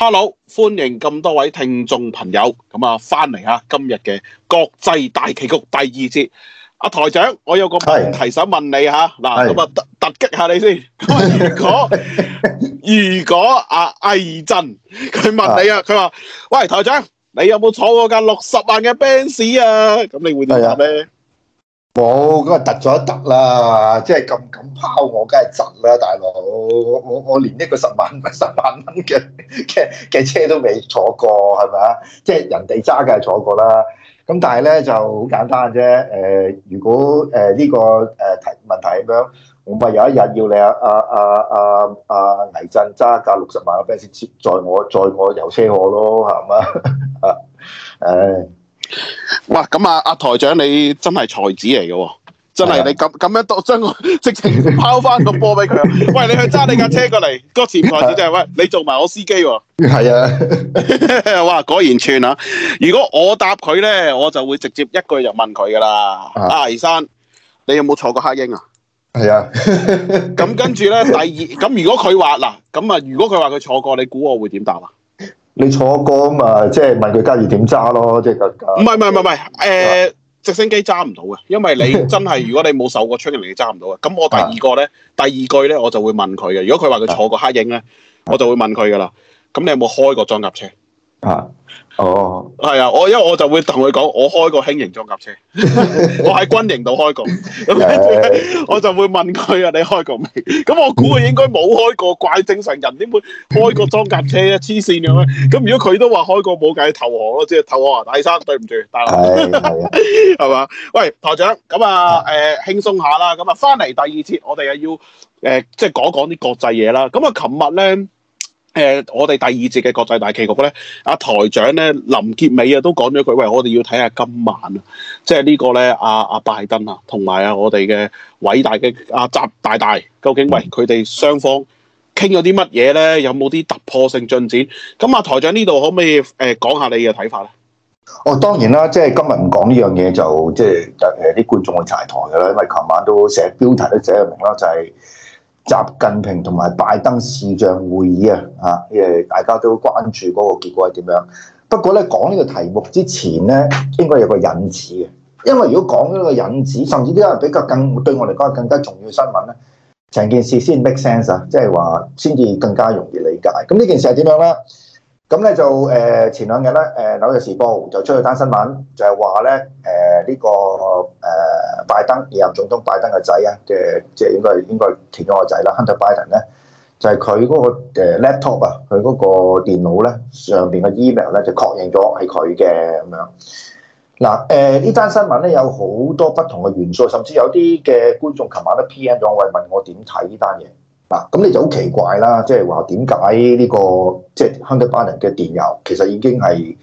Hello，歡迎咁多位聽眾朋友，咁啊翻嚟啊今日嘅國際大棋局第二節，阿台長，我有個問題想問你吓，嗱咁啊突突擊下你先，的如果 如果阿、啊、魏振，佢問你啊，佢話的喂台長，你有冇坐過架六十萬嘅 Benz 啊？咁你會點答咧？冇咁啊，突咗一突啦！即係咁敢拋我，梗係窒啦，大佬！我我連一個十萬蚊、十萬蚊嘅嘅嘅車都未坐過，係咪啊？即係人哋揸梗係坐過啦。咁但係咧就好簡單啫。誒、呃，如果誒呢、呃這個誒、呃、問題咁樣，我咪有一日要你阿阿阿阿阿倪震揸架六十萬嘅奔馳接載我載我遊車河咯，係嘛啊？誒、 哎。哇！咁啊，阿台長你真係才子嚟嘅，真係、啊、你咁咁樣當將我直情拋翻個波俾佢。喂，你去揸你架車過嚟，個 前台就係、啊、喂你做埋我司機喎。係啊，啊 哇，果然串啊！如果我答佢咧，我就會直接一句就問佢噶啦。阿儀生，你有冇坐過黑鷹啊？係是啊。咁 跟住咧，第二咁如果佢話嗱咁啊，如果佢話佢坐過，你估我會點答啊？你坐過咁啊，即係問佢家業點揸咯，即係架架。唔係唔係唔係唔係，誒、呃、的直升機揸唔到嘅，因為你真係如果你冇受過 training 你揸唔到嘅。咁我第二個咧，的第二句咧，我就會問佢嘅。如果佢話佢坐過黑鷹咧，的我就會問佢噶啦。咁你有冇開過裝甲車？啊，哦，係啊，我因為我就會同佢講，我開過輕型裝甲車， 我喺軍營度開過， 我就會問佢啊，你開過未？咁 我估佢應該冇開過，怪正常人點會開過裝甲車咧？黐綫咁啊！咁如果佢都話開過，冇計，投降咯，即係投降啊！大生，對唔住，大佬，係係、 啊，嘛、啊？喂，台長，咁啊，誒、呃，輕鬆下啦，咁啊，翻嚟第二節，我哋又要誒、呃，即係講講啲國際嘢啦。咁啊，琴日咧。誒、呃，我哋第二節嘅國際大棋局咧，阿、啊、台長咧，林結美林傑美啊都講咗句，喂，我哋要睇下今晚啊，即係呢個咧，阿阿拜登啊，同埋啊我哋嘅偉大嘅阿、啊、習大大，究竟喂佢哋雙方傾咗啲乜嘢咧？有冇啲突破性進展？咁阿、啊、台長呢度可唔可以誒、呃、講下你嘅睇法咧？哦，當然啦，即係今日唔講呢樣嘢就即係誒啲觀眾會柴台㗎啦，因為琴晚都寫標題都寫明啦，就係、是。習近平同埋拜登視像會議啊，啊，誒，大家都關注嗰個結果係點樣。不過咧，講呢個題目之前咧，應該有個引子嘅，因為如果講咗個引子，甚至啲人比較更對我嚟講係更加重要嘅新聞咧，成件事先 make sense 啊，即係話先至更加容易理解。咁呢件事係點樣咧？咁咧就誒前兩日咧，誒紐約時報就出咗單新聞就，就係話咧誒呢個誒、呃、拜登，現任總統拜登嘅仔啊嘅，即係應該應該填咗個仔啦，Hunter Biden 咧，就係佢嗰個 laptop 啊，佢嗰個電腦咧、啊、上邊嘅 email 咧就確認咗係佢嘅咁樣。嗱誒呢單新聞咧有好多不同嘅元素，甚至有啲嘅觀眾琴晚都 PM 咗我，問我點睇呢單嘢。嗱，咁你就好奇怪啦，即係話點解呢個即係亨特拜登嘅電郵其實已經係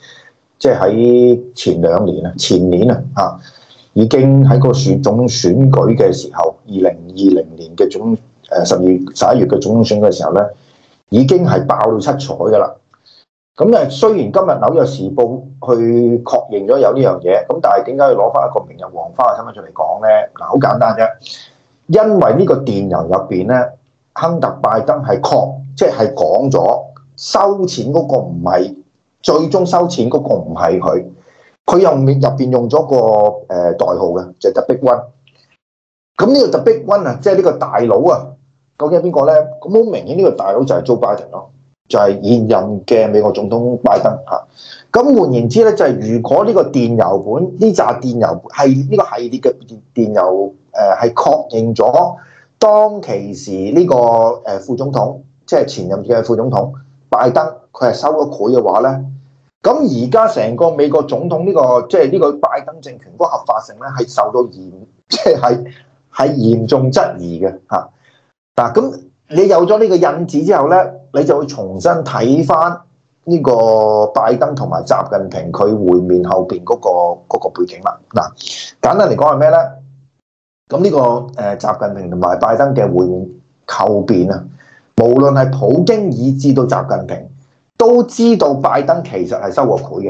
即係喺前兩年啊，前年啊，嚇已經喺個選總選舉嘅時候，二零二零年嘅總誒十二月十一月嘅總選嘅時候咧，已經係爆到七彩㗎喇。咁誒雖然今日紐約時報去確認咗有呢樣嘢，咁但係點解要攞返一個明日黃花嘅新聞出嚟講咧？嗱，好簡單啫，因為呢個電郵入邊咧。亨特拜登係確即係講咗收錢嗰個唔係最終收錢嗰個唔係佢，佢又入邊用咗個誒代號嘅就係特逼溫。咁呢個特逼溫啊！即係呢個大佬啊，究竟係邊個咧？咁好明顯呢個大佬就係 Joe Biden 咯，就係現任嘅美國總統拜登嚇。咁換言之咧，就係、是、如果呢個電郵本呢扎電郵係呢個系列嘅電郵誒，係、呃、確認咗。當其時呢個誒副總統，即、就、係、是、前任嘅副總統拜登，佢係收咗佢嘅話呢。咁而家成個美國總統呢、這個即係呢個拜登政權嗰合法性呢，係受到嚴，即係係嚴重質疑嘅吓。嗱、啊，咁你有咗呢個引子之後呢，你就會重新睇翻呢個拜登同埋習近平佢會面後邊嗰、那個、那個背景啦。嗱、啊，簡單嚟講係咩呢？咁呢個誒，習近平同埋拜登嘅會面後面構變啊，無論係普京以至到習近平，都知道拜登其實係收獲佢嘅。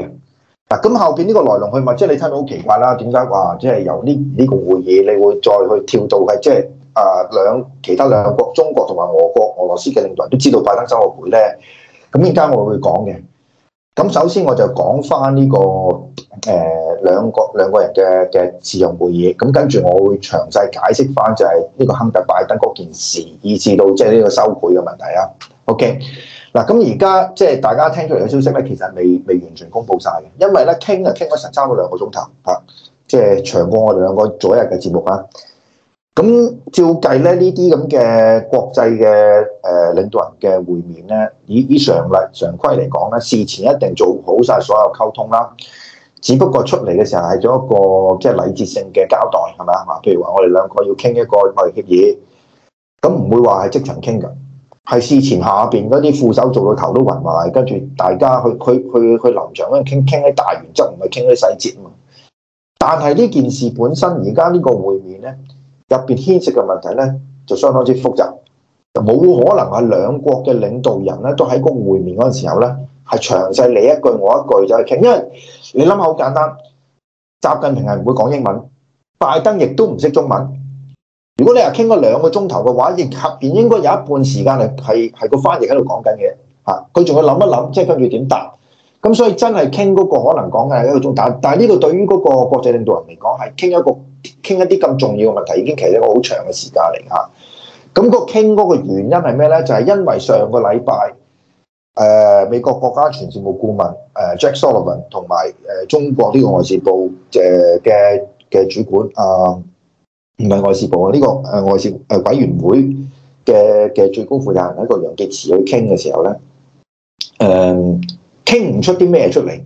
嗱、啊，咁後邊呢個來龍去脈，即、就、係、是、你聽到好奇怪啦，點解話即係由呢呢、這個會議，你會再去跳到嘅？即係誒兩其他兩個中國同埋俄國俄羅斯嘅領導人都知道拜登收獲佢咧？咁依家我會講嘅。咁首先我就講翻呢個誒、呃、兩個兩個人嘅嘅自由會議，咁跟住我會詳細解釋翻就係呢個亨特拜登嗰件事，以至到即係呢個收賄嘅問題啦。OK，嗱咁而家即係大家聽出嚟嘅消息咧，其實未未完全公布晒嘅，因為咧傾啊傾咗陣爭咗兩個鐘頭啊，即係長過我哋兩個左右嘅節目啦。咁照計咧，呢啲咁嘅國際嘅誒、呃、領導人嘅會面咧，以以常例常規嚟講咧，事前一定做好晒所有溝通啦。只不過出嚟嘅時候係咗一個即係、就是、禮節性嘅交代，係咪啊？譬如話我哋兩個要傾一個貿易協議，咁唔會話係即場傾噶，係事前下邊嗰啲副手做到頭都暈埋，跟住大家去去去去臨場咧傾傾啲大原則，唔係傾啲細節啊嘛。但係呢件事本身而家呢個會面咧，入邊牽涉嘅問題咧，就相當之複雜，就冇可能係兩國嘅領導人咧都喺個會面嗰陣時候咧係詳細你一句我一句就去傾，因為你諗下好簡單，習近平係唔會講英文，拜登亦都唔識中文。如果你話傾咗兩個鐘頭嘅話，亦入邊應該有一半時間係係係個翻譯喺度講緊嘢。吓佢仲要諗一諗，即係跟住點答。咁、嗯、所以真係傾嗰個可能講係一個中，但但係呢個對於嗰個國際領導人嚟講，係傾一個傾一啲咁重要嘅問題，已經其實一個好長嘅時間嚟嚇。咁、嗯那個傾嗰個原因係咩咧？就係、是、因為上個禮拜，誒、呃、美國國家安全事務顧問誒、呃、Jack Sullivan 同埋誒中國呢個外事部誒嘅嘅主管啊，唔、呃、係外事部啊，呢、這個誒、呃、外事誒、呃、委員會嘅嘅最高負責人喺個楊潔篪去傾嘅時候咧，誒、嗯。傾唔出啲咩出嚟，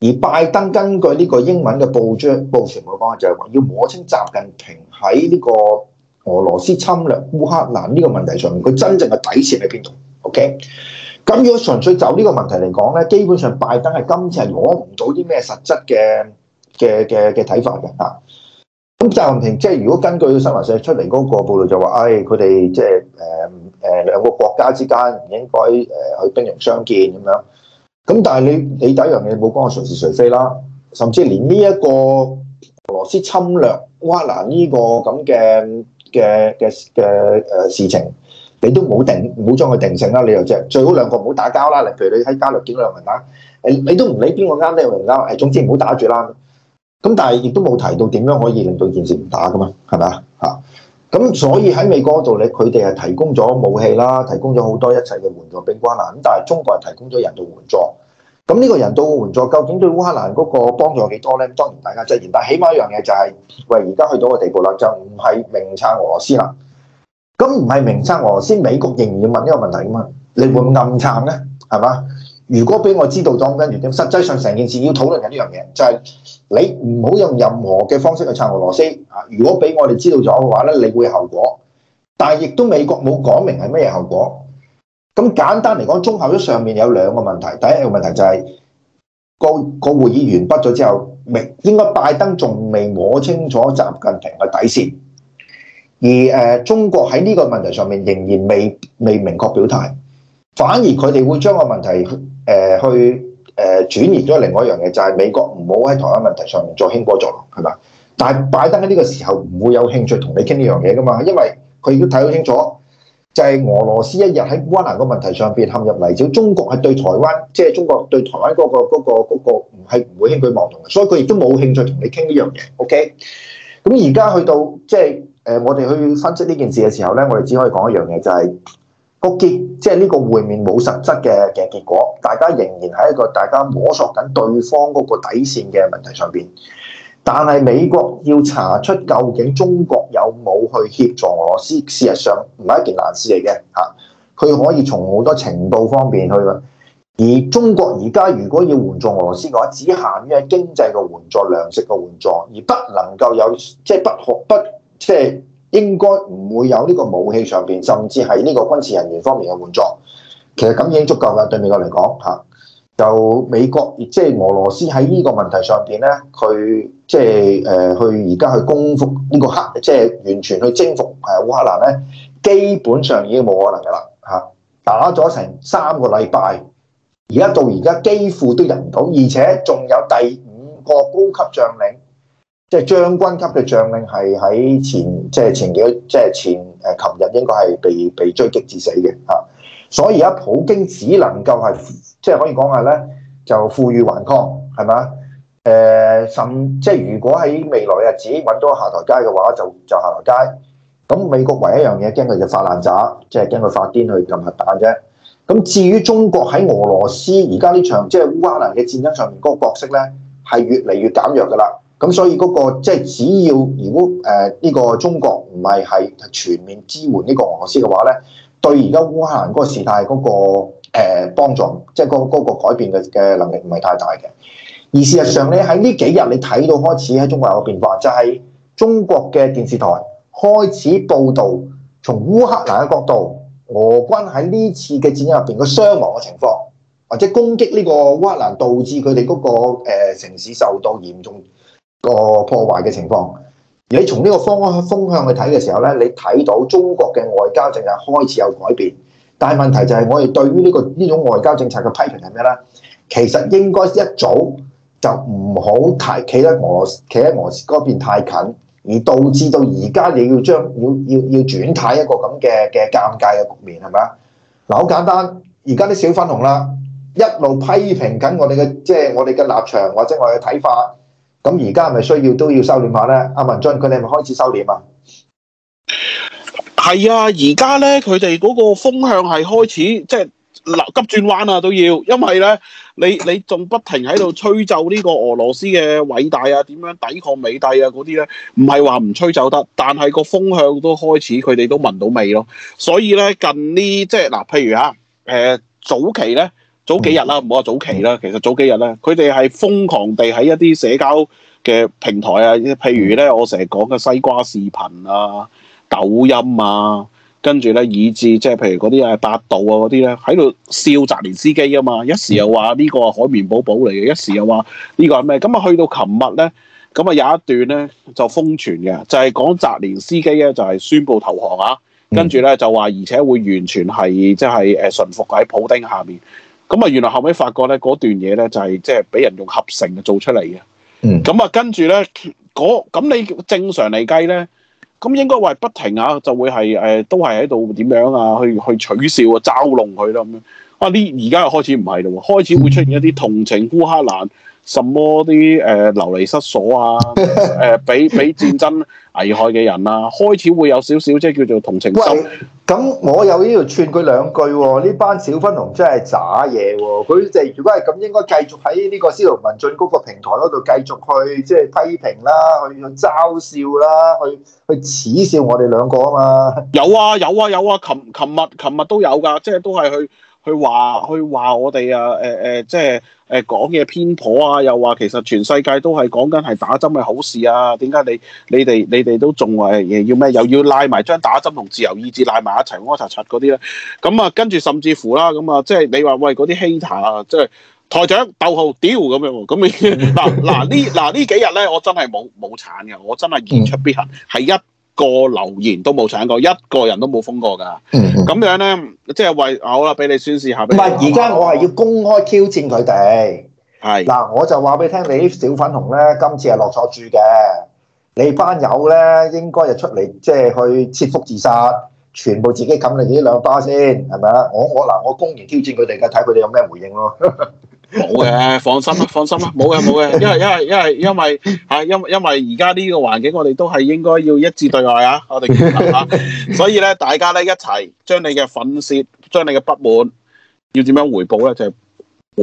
而拜登根據呢個英文嘅報章報社嘅講法，就係話要摸清習近平喺呢個俄羅斯侵略烏克蘭呢個問題上面，佢真正嘅底線喺邊度？OK，咁如果純粹就呢個問題嚟講咧，基本上拜登係今次係攞唔到啲咩實質嘅嘅嘅嘅睇法嘅啊。咁習近平即係如果根據新華社出嚟嗰個報導就話，唉、哎，佢哋即係誒誒兩個國家之間唔應該誒去兵戎相見咁樣。咁但係你你第一樣嘢冇講我誰是誰非啦，甚至連呢一個俄羅斯侵略烏克蘭呢個咁嘅嘅嘅嘅誒事情，你都冇定冇將佢定性啦。你又即係最好兩個唔好打交啦。例如你喺加勒比兩人打誒，你都唔理邊個啱邊個唔啱誒，總之唔好打住啦。咁但係亦都冇提到點樣可以令到件事唔打㗎嘛，係咪啊？嚇！咁、嗯、所以喺美國度，你佢哋係提供咗武器啦，提供咗好多一切嘅援助兵關啦。咁但係中國係提供咗人道援助。咁呢個人道援助究竟對烏克蘭嗰個幫助有幾多咧？當然大家質疑。但係起碼一樣嘢就係、是，喂，而家去到個地步啦，就唔係明撐俄羅斯啦。咁唔係明撐俄羅斯，美國仍然要問呢個問題㗎嘛？你會暗撐咧，係嘛？如果俾我知道咗跟原點，實際上成件事要討論緊呢樣嘢，就係、是、你唔好用任何嘅方式去撐俄羅斯啊！如果俾我哋知道咗嘅話咧，你會有後果，但係亦都美國冇講明係咩嘢後果。咁簡單嚟講，綜合咗上面有兩個問題，第一個問題就係、是、個個會議完畢咗之後，未應該拜登仲未摸清楚習近平嘅底線，而誒中國喺呢個問題上面仍然未未明確表態。反而佢哋會將個問題誒去誒轉移咗另外一樣嘢，就係、是、美國唔好喺台灣問題、就是、問題上面再興波作浪，係咪？但拜登喺呢個時候唔會有興趣同你傾呢樣嘢噶嘛，因為佢已經睇到清楚，就係俄羅斯一日喺烏克蘭個問題上邊陷入泥沼，中國係對台灣，即、就、係、是、中國對台灣嗰、那個嗰唔係唔會輕舉妄動嘅，所以佢亦都冇興趣同你傾呢樣嘢。OK，咁而家去到即係誒我哋去分析呢件事嘅時候咧，我哋只可以講一樣嘢、就是，就係。Okay, 即係呢個會面冇實質嘅嘅結果，大家仍然喺一個大家摸索緊對方嗰個底線嘅問題上邊。但係美國要查出究竟中國有冇去協助俄羅斯，事實上唔係一件難事嚟嘅吓。佢可以從好多程度方面去。而中國而家如果要援助俄羅斯嘅話，只限於喺經濟嘅援助、糧食嘅援助，而不能夠有即係不學不即係。應該唔會有呢個武器上邊，甚至係呢個軍事人員方面嘅援助。其實咁已經足夠啦，對美國嚟講嚇。就美國即係、就是、俄羅斯喺呢個問題上邊咧，佢即係誒，佢而家去攻服呢、這個黑，即、就、係、是、完全去征服誒烏克蘭咧，基本上已經冇可能噶啦嚇。打咗成三個禮拜，而家到而家幾乎都入唔到，而且仲有第五個高級將領。即係將軍級嘅將領係喺前，即係前幾，即係前誒，琴日應該係被被追擊致死嘅吓。所以而家普京只能夠係，即係可以講話咧，就負隅頑抗係嘛？誒、呃，甚即係如果喺未來日子揾到下台階嘅話，就就下台階。咁美國唯一一樣嘢驚佢就發爛渣，即係驚佢發癲去撳核彈啫。咁至於中國喺俄羅斯而家呢場即係烏克蘭嘅戰爭上面嗰個角色咧，係越嚟越減弱噶啦。咁所以嗰個即係只要如果誒呢個中國唔係係全面支援呢個俄羅斯嘅話咧，對而家烏克蘭嗰個事態嗰個誒幫助，即係嗰嗰個改變嘅嘅能力唔係太大嘅。而事實上你喺呢幾日你睇到開始喺中國有個變化，就係中國嘅電視台開始報道從烏克蘭嘅角度，俄軍喺呢次嘅戰役入邊嘅傷亡嘅情況，或者攻擊呢個烏克蘭導致佢哋嗰個誒城市受到嚴重。個破壞嘅情況，而你從呢個方方向去睇嘅時候咧，你睇到中國嘅外交政策開始有改變，但係問題就係我哋對於呢、這個呢種外交政策嘅批評係咩咧？其實應該一早就唔好太企喺俄羅斯企喺俄羅斯嗰邊太近，而導致到而家你要將要要要轉軚一個咁嘅嘅尷尬嘅局面係咪啊？嗱，好簡單，而家啲小粉紅啦，一路批評緊我哋嘅即係我哋嘅立場或者我哋嘅睇法。咁而家係咪需要都要收斂下咧？阿文進，佢哋係咪開始收斂啊？係啊，而家咧，佢哋嗰個風向係開始即係急轉彎啊，都要，因為咧，你你仲不停喺度吹奏呢個俄羅斯嘅偉大啊，點樣抵抗美帝啊嗰啲咧，唔係話唔吹奏得，但係個風向都開始，佢哋都聞到味咯。所以咧，近呢即係嗱，譬如啊，誒、呃、早期咧。早幾日啦，唔好話早期啦。其實早幾日咧，佢哋係瘋狂地喺一啲社交嘅平台啊，譬如咧我成日講嘅西瓜視頻啊、抖音啊，跟住咧以至即係譬如嗰啲啊百度啊嗰啲咧喺度笑澤連斯基啊嘛。一時又話呢個係海綿寶寶嚟嘅，一時又話呢個係咩咁啊？去到琴日咧，咁啊有一段咧就瘋傳嘅，就係講澤連斯基咧就係宣布投降啊，跟住咧就話而且會完全係即係誒臣服喺普丁下面。咁啊，原來後尾發覺咧，嗰段嘢咧就係即係俾人用合成嘅做出嚟嘅。嗯。咁啊，跟住咧，咁你正常嚟計咧，咁應該話不停啊，就會係誒、呃、都係喺度點樣啊，去去取笑啊，嘲弄佢啦咁樣。哇、啊！呢而家又開始唔係咯喎，開始會出現一啲同情烏克蘭。嗯什麼啲誒、呃、流離失所啊，誒俾俾戰爭危害嘅人啊， 開始會有少少即係叫做同情心。咁我有呢度串佢兩句喎、哦，呢班小粉紅真係渣嘢喎！佢哋如果係咁，應該繼續喺呢個《司徒文進》嗰個平台嗰度繼續去即係、就是、批評啦，去嘲笑啦，去去恥笑我哋兩個嘛啊嘛！有啊有啊有啊！琴琴、啊、日琴日、日都有㗎，即係都係去。佢、呃呃就是呃、話：佢話我哋啊，誒誒，即係誒講嘢偏頗啊，又話其實全世界都係講緊係打針嘅好事啊，點解你你哋你哋都仲話要咩？又要拉埋將打針同自由意志拉埋一齊安插插嗰啲咧？咁啊，跟住甚至乎啦，咁啊，即係你話喂嗰啲 hater 啊，即係台長，逗號屌咁樣，咁你嗱嗱呢嗱呢幾日咧，我真係冇冇產嘅，我真係言出必行，係一。個留言都冇上過，一個人都冇封過㗎。咁樣呢，即係為好啦，俾你宣示下。唔係，而家我係要公開挑戰佢哋。係嗱是，我就話俾你聽，你啲小粉紅呢，今次係落錯注嘅。你班友呢，應該出就出嚟即係去切腹自殺，全部自己冚你呢兩巴先，係咪啊？我我嗱，我公然挑戰佢哋嘅，睇佢哋有咩回應咯。 冇嘅，放心啦，放心啦，冇嘅，冇嘅，因為因為因為因為係因為因為而家呢個環境，我哋都係應該要一致對外啊！我哋、啊， 所以咧，大家咧一齊將你嘅憤泄，將你嘅不滿，要點樣回報咧？就係、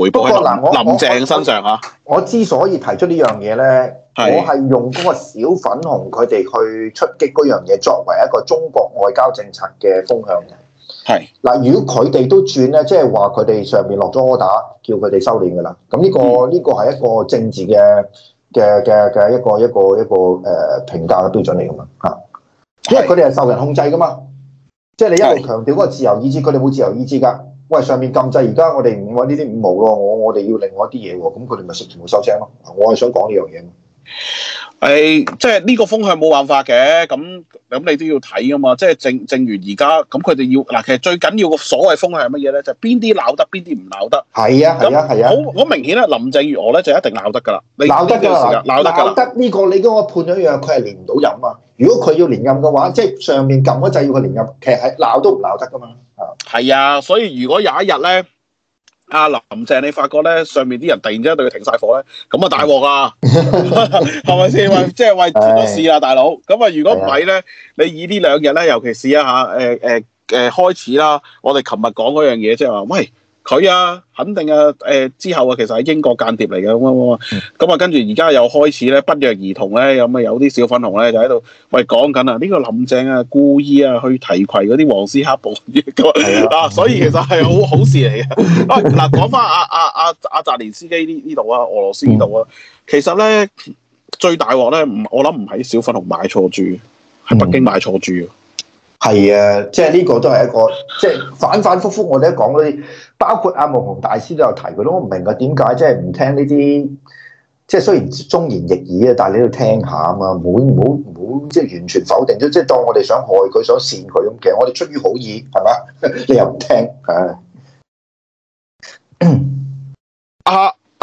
回報喺林鄭身上啊！我之所以提出呢樣嘢咧，是我係用嗰個小粉紅佢哋去出擊嗰樣嘢，作為一個中國外交政策嘅風向。係嗱，如果佢哋都轉咧，即係話佢哋上面落咗 order，叫佢哋收斂噶啦。咁呢個呢個係一個政治嘅嘅嘅嘅一個一個一個誒評價嘅標準嚟噶嘛吓，因為佢哋係受人控制噶嘛，是 即係你一路強調嗰個,個自由意志，佢哋冇自由意志噶。喂，上面禁制，而家我哋唔搵呢啲五毛咯，我我哋要另外一啲嘢，咁佢哋咪全部收聲咯。我係想講呢樣嘢。係、哎，即係呢個風向冇辦法嘅，咁咁你都要睇噶嘛。即係正正如而家，咁佢哋要嗱，其實最緊要個所謂風向係乜嘢咧？就係邊啲鬧得，邊啲唔鬧得。係啊，係啊，係啊。好好明顯咧，林鄭月娥咧就一定鬧得噶啦。鬧得啦，鬧得、這個、得呢、這個你跟我判咗樣，佢係連唔到任啊。如果佢要連任嘅話，即、就、係、是、上面撳嗰掣要佢連任，其實係鬧都唔鬧得噶嘛。啊、嗯，係啊，所以如果有一日咧。阿、啊、林鄭，你發覺咧，上面啲人突然之間對佢停晒火咧，咁啊大鑊啊，係咪先？喂即係喂出事啦，大佬。咁啊，如果唔係咧，你以兩呢兩日咧，尤其是一下。誒誒誒開始啦，我哋琴日講嗰樣嘢，即係話喂。佢啊，肯定啊，誒、呃、之後啊，其實喺英國間諜嚟嘅。咁啊咁啊，跟住而家又開始咧，不約而同咧，咁啊有啲小粉紅咧就喺度喂講緊啊，呢、這個林鄭啊故意啊去提攜嗰啲黃絲黑暴的啊，所以其實係好 好事嚟嘅。嗱、啊、講翻阿阿阿阿澤連斯基呢呢度啊，俄羅斯呢度啊，嗯、其實咧最大鑊咧，唔我諗唔喺小粉紅買錯住，喺北京買錯住。係啊，即係呢個都係一個，即係反反覆覆，我哋一講嗰啲，包括阿蒙蒙大師都有提過咯。我唔明啊，點解即係唔聽呢啲？即係雖然忠言逆耳啊，但係你都要聽下啊嘛，唔好唔好唔好，即係完全否定咗，即係當我哋想害佢想扇佢咁。其實我哋出於好意，係嘛？ 你又唔聽，唉、啊。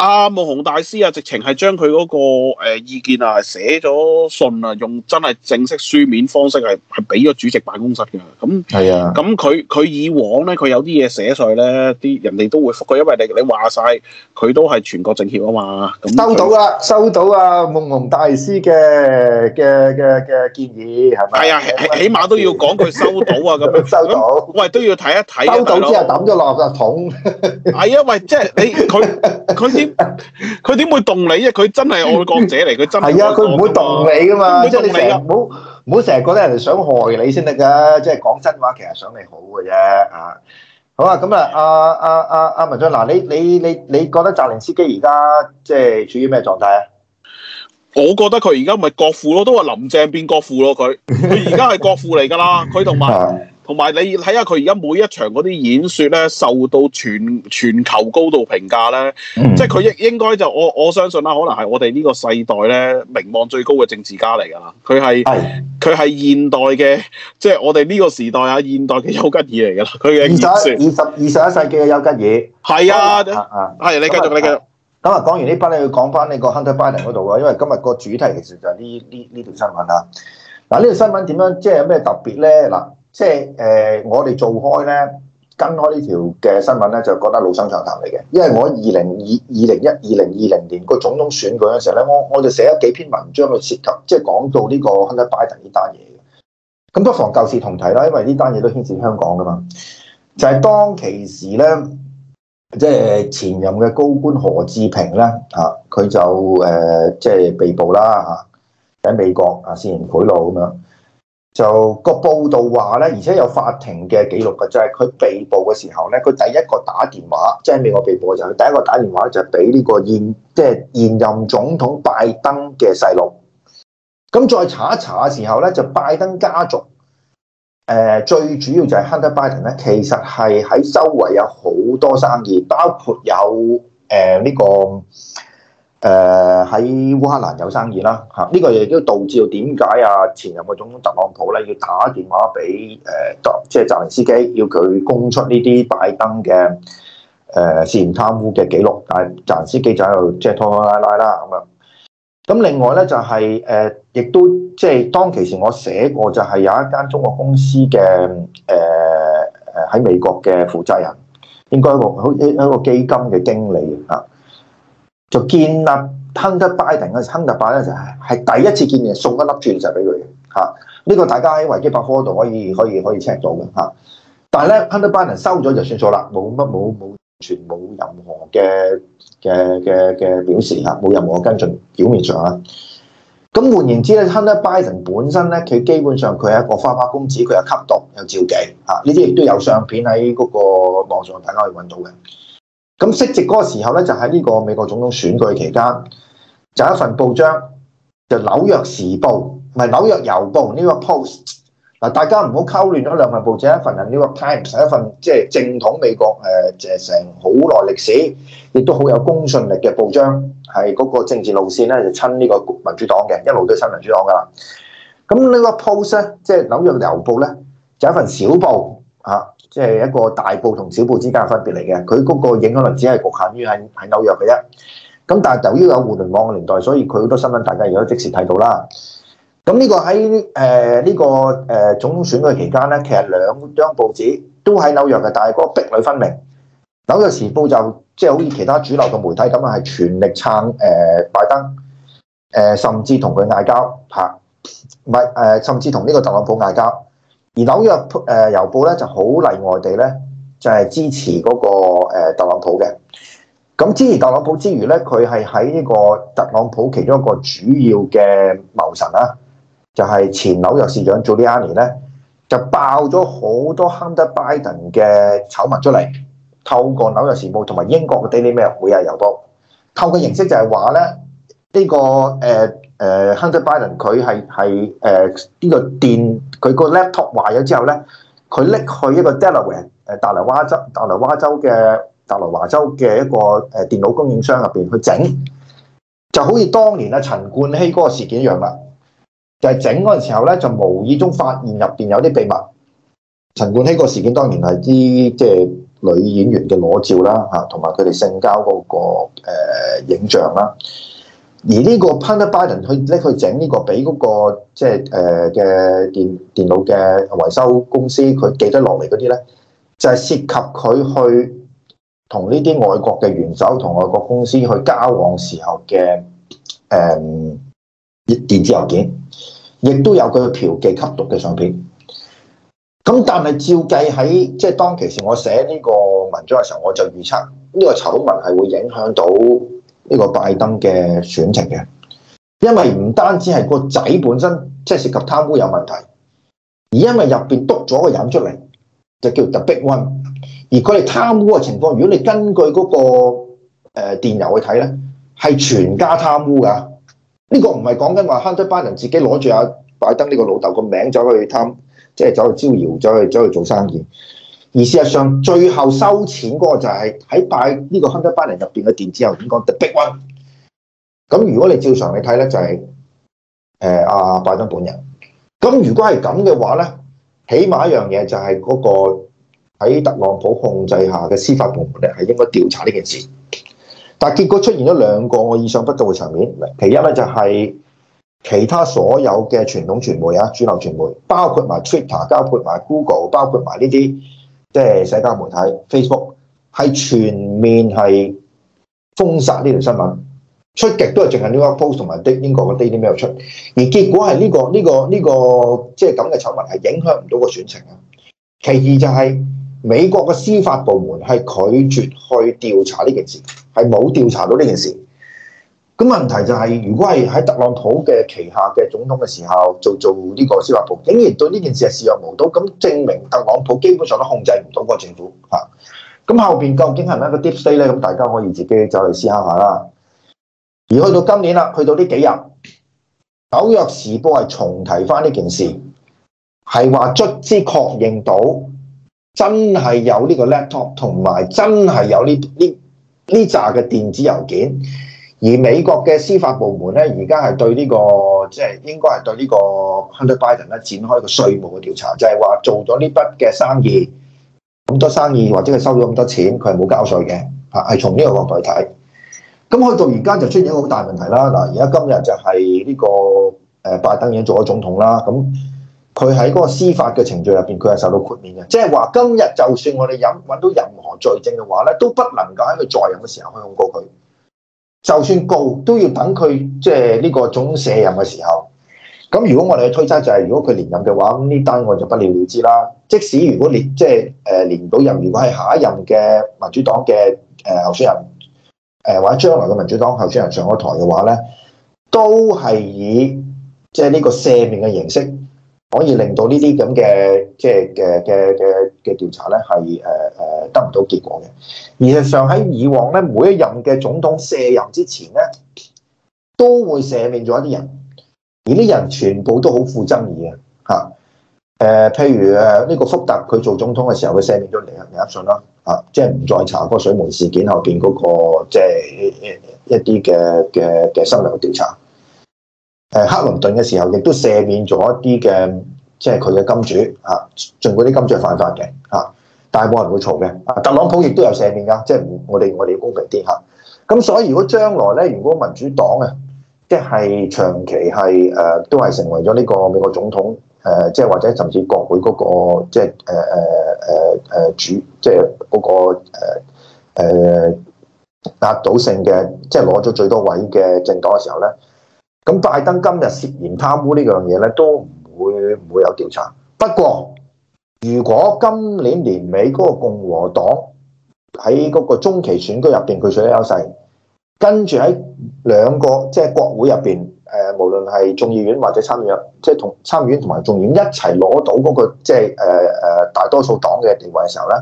啊，穆宏大師啊，直情係將佢嗰、那個、呃、意見啊，寫咗信啊，用真係正，正式書面方式係係俾咗主席辦公室嘅。咁係啊，咁佢佢以往咧，佢有啲嘢寫上去咧，啲人哋都會覆佢，因為你你話晒，佢都係全國政協啊嘛收。收到啊，收到啊，穆宏大師嘅嘅嘅嘅建議係咪？係啊，起碼都要講佢收到啊，咁樣收到。喂，都要睇一睇。收到之後抌咗垃圾桶。係 啊，喂，即係你佢佢先。佢點 會動你啊？佢真係愛國者嚟，佢 真係。係啊，佢唔會動你噶嘛。即係你唔好唔好成日覺得人哋想害你先得㗎。即係講真話，其實想你好嘅啫。嚇，好啊。咁啊，阿阿阿阿文進，嗱，你你你你覺得澤連斯基而家即係處於咩狀態啊？我覺得佢而家咪國父咯，都話林鄭變國父咯，佢佢而家係國父嚟㗎啦，佢同埋。 同埋你睇下佢而家每一場嗰啲演說咧，受到全全球高度評價咧，即係佢應應該就我我相信啦，可能係我哋呢個世代咧名望最高嘅政治家嚟噶啦，佢係佢係現代嘅，即係我哋呢個時代啊，現代嘅丘吉爾嚟噶啦，佢嘅二十二十二十一世紀嘅丘吉爾。係啊，係，你繼續你繼續，咁啊，講完呢班咧，要講翻呢個亨特 n t 嗰度啊，因為今日個主題其實就係呢呢呢條新聞啦。嗱呢條新聞點樣，即係有咩特別咧嗱？即係誒、呃，我哋做開咧，跟開條呢條嘅新聞咧，就覺得老生常談嚟嘅。因為我二零二二零一二零二零年個總統選舉嘅陣時咧，我我就寫咗幾篇文章去涉及，即係講到呢個亨 u 拜 t 呢單嘢嘅。咁不妨舊事同提啦，因為呢單嘢都牽涉香港噶嘛。就係、是、當其時咧，即、就、係、是、前任嘅高官何志平咧，啊，佢就誒即係被捕啦，喺、啊、美國啊，涉嫌賄咁樣。就、那個報道話咧，而且有法庭嘅記錄嘅，就係、是、佢被捕嘅時候咧，佢第一個打電話，即、就、係、是、美國被捕嘅時候，佢第一個打電話就俾呢個現即係、就是、現任總統拜登嘅細路。咁再查一查嘅時候咧，就拜登家族誒、呃，最主要就係亨特拜登咧，其實係喺周圍有好多生意，包括有誒呢、呃這個。誒，喺烏克蘭有生意啦，吓、這、呢個亦都導致到點解啊，前任嘅總統特朗普咧，要打電話俾誒，即係澤連斯基，要佢供出呢啲拜登嘅誒涉嫌貪污嘅記錄，但係澤連斯基就喺度即係拖拖拉拉啦，咁樣。咁另外咧就係、是、誒、亦、呃、都即係、就是、當其時我寫過，就係有一間中國公司嘅誒誒喺美國嘅負責人，應該一好似一個基金嘅經理啊。呃就建立亨 u 拜 t 嘅亨 u 拜 t 咧，就係係，第一次見面送一粒鑽石俾佢嘅，呢個大家喺維基百科度可以可以可以 check 到嘅嚇。但係咧亨 u 拜 t 收咗就算數啦，冇乜冇冇全冇任何嘅嘅嘅嘅表示嚇，冇任何跟進表面上啊。咁換言之咧亨 u 拜 t 本身咧，佢基本上佢係一個花花公子，佢有吸毒有照鏡嚇，呢啲亦都有相片喺嗰個網上大家去揾到嘅。咁息直嗰個時候咧，就喺、是、呢個美國總統選舉期間，就一份報章，就紐約時報，唔係紐約郵報，呢個 Post 嗱，大家唔好溝亂咗兩份報章，一份 New York Times，一份即係正統美國誒，誒成好耐歷史，亦都好有公信力嘅報章，係嗰個政治路線咧就親呢個民主黨嘅，一路都親民主黨噶啦。咁呢個 Post 咧，即、就、係、是、紐約郵報咧，就一份小報。啊，即係一個大報同小報之間嘅分別嚟嘅，佢嗰個影響力只係局限於喺喺紐約嘅啫。咁但係由於有互聯網嘅年代，所以佢好多新聞大家亦都即時睇到啦。咁呢個喺誒呢個誒總統選舉期間咧，其實兩張報紙都喺紐約嘅，但係嗰個壁壘分明。紐約時報就即係好似其他主流嘅媒體咁樣，係全力撐誒拜登，誒甚至同佢嗌交，嚇唔係誒甚至同呢個特朗普嗌交。而紐約誒郵報咧就好例外地咧，就係支持嗰個誒特朗普嘅。咁支持特朗普之餘咧，佢係喺呢個特朗普其中一個主要嘅謀臣啦，就係前紐約市長 Giuliani 咧，就爆咗好多 Hunter Biden 嘅醜聞出嚟，透過紐約時報同埋英國嘅 Daily Mail 每日郵報，透過形式就係話咧呢個誒。誒 Hunter Biden 佢係係誒呢個電佢個 laptop 壞咗之後咧，佢拎去一個 Delaware 誒達雷蛙州達雷蛙州嘅達雷華州嘅一個誒電腦供應商入邊去整，就好似當年啊陳冠希嗰個事件一樣啦。就係整嗰陣時候咧，就無意中發現入邊有啲秘密。陳冠希個事件當然係啲即係女演員嘅裸照啦，嚇，同埋佢哋性交嗰個誒影像啦。而呢個 Hunter Biden 去咧去整呢個俾嗰、那個即係誒嘅電電腦嘅維修公司，佢記得落嚟嗰啲咧，就係、是、涉及佢去同呢啲外國嘅元首、同外國公司去交往時候嘅誒、嗯、電子郵件，亦都有佢嫖妓吸毒嘅相片。咁但係照計喺即係當其時我寫呢個文章嘅時候，我就預測呢個醜聞係會影響到。呢個拜登嘅選情嘅，因為唔單止係個仔本身即係、就是、涉及貪污有問題，而因為入邊篤咗個人出嚟，就叫 The Big One。而佢哋貪污嘅情況，如果你根據嗰個誒電郵去睇咧，係全家貪污㗎。呢、這個唔係講緊話亨特班人自己攞住阿拜登呢個老豆個名走去貪，即係走去招搖，走去走去做生意。而事實上，最後收錢嗰個就係喺拜呢個 Hunter Biden 入邊嘅電子郵件講 the big one，咁如果你照常嚟睇咧，就係誒阿拜登本人。咁如果係咁嘅話咧，起碼一樣嘢就係嗰個喺特朗普控制下嘅司法部門咧，係應該調查呢件事。但結果出現咗兩個我意想不到嘅層面。其一咧就係、是、其他所有嘅傳統傳媒啊，主流傳媒，包括埋 Twitter，包括埋 Google，包括埋呢啲。即係社交媒體 Facebook 係全面係封殺呢條新聞，出極都係淨係 New York Post 同埋 The 英國嘅 Daily Mail 出，而結果係呢個、呢個、呢個即係咁嘅醜聞係影響唔到個選情啊。其二就係美國嘅司法部門係拒絕去調查呢件事，係冇調查到呢件事。咁問題就係、是，如果係喺特朗普嘅旗下嘅總統嘅時候做做呢個司法部，竟然對呢件事視若無睹，咁證明特朗普基本上都控制唔到個政府嚇。咁、嗯、後邊究竟係咪一個 deep state 咧？咁大家可以自己就去思考下啦。而去到今年啦，去到呢幾日，《紐約時報》係重提翻呢件事，係話卒之確認到真係有呢個 laptop 同埋真係有呢呢呢扎嘅電子郵件。而美國嘅司法部門咧，而家係對呢、這個即係、就是、應該係對呢個亨特拜登咧展開個稅務嘅調查，就係、是、話做咗呢筆嘅生意咁多生意，或者係收咗咁多錢，佢係冇交稅嘅嚇，係從呢個角度去睇。咁去到而家就出現一個好大問題啦。嗱，而家今日就係呢個誒拜登已經做咗總統啦，咁佢喺嗰個司法嘅程序入邊，佢係受到豁免嘅，即係話今日就算我哋揾揾到任何罪證嘅話咧，都不能夠喺佢在再任嘅時候去控告佢。就算告都要等佢即係呢個總卸任嘅時候，咁如果我哋嘅推測就係、是，如果佢連任嘅話，咁呢單案就不了了之啦。即使如果連即係誒連唔到任，如果係下一任嘅民主黨嘅誒、呃、候選人，誒、呃、或者將來嘅民主黨候選人上咗台嘅話咧，都係以即係呢個赦免嘅形式。可以令到呢啲咁嘅即係嘅嘅嘅嘅調查咧，係誒誒得唔到結果嘅。事實上喺以往咧，每一任嘅總統卸任之前咧，都會赦免咗一啲人，而啲人全部都好負爭議嘅吓。誒、啊，譬如誒呢個福特佢做總統嘅時候，佢赦免咗尼克尼克遜啦吓，即係唔再查嗰個水門事件後邊嗰、那個即係、就是、一啲嘅嘅嘅深入調查。誒，克林頓嘅時候亦都赦免咗一啲嘅，即係佢嘅金主啊，儘管啲金主犯法嘅啊，但係冇人會嘈嘅。啊，特朗普亦都有赦免噶，即係我哋我哋要公平啲吓。咁所以如果將來咧，如果民主黨啊，即係長期係誒，都係成為咗呢個美國總統誒，即係或者甚至國會嗰個即係誒誒誒誒主，即係嗰個誒誒壓倒性嘅，即係攞咗最多位嘅政黨嘅時候咧。咁拜登今日涉嫌貪污呢樣嘢咧，都唔會唔會有調查。不過如果今年年尾嗰個共和黨喺嗰個中期選舉入邊佢取得優勢，跟住喺兩個即係、就是、國會入邊，誒，無論係眾議院或者參議、就是、院，即係同參議院同埋眾議院一齊攞到嗰、那個即係誒誒大多數黨嘅地位嘅時候咧，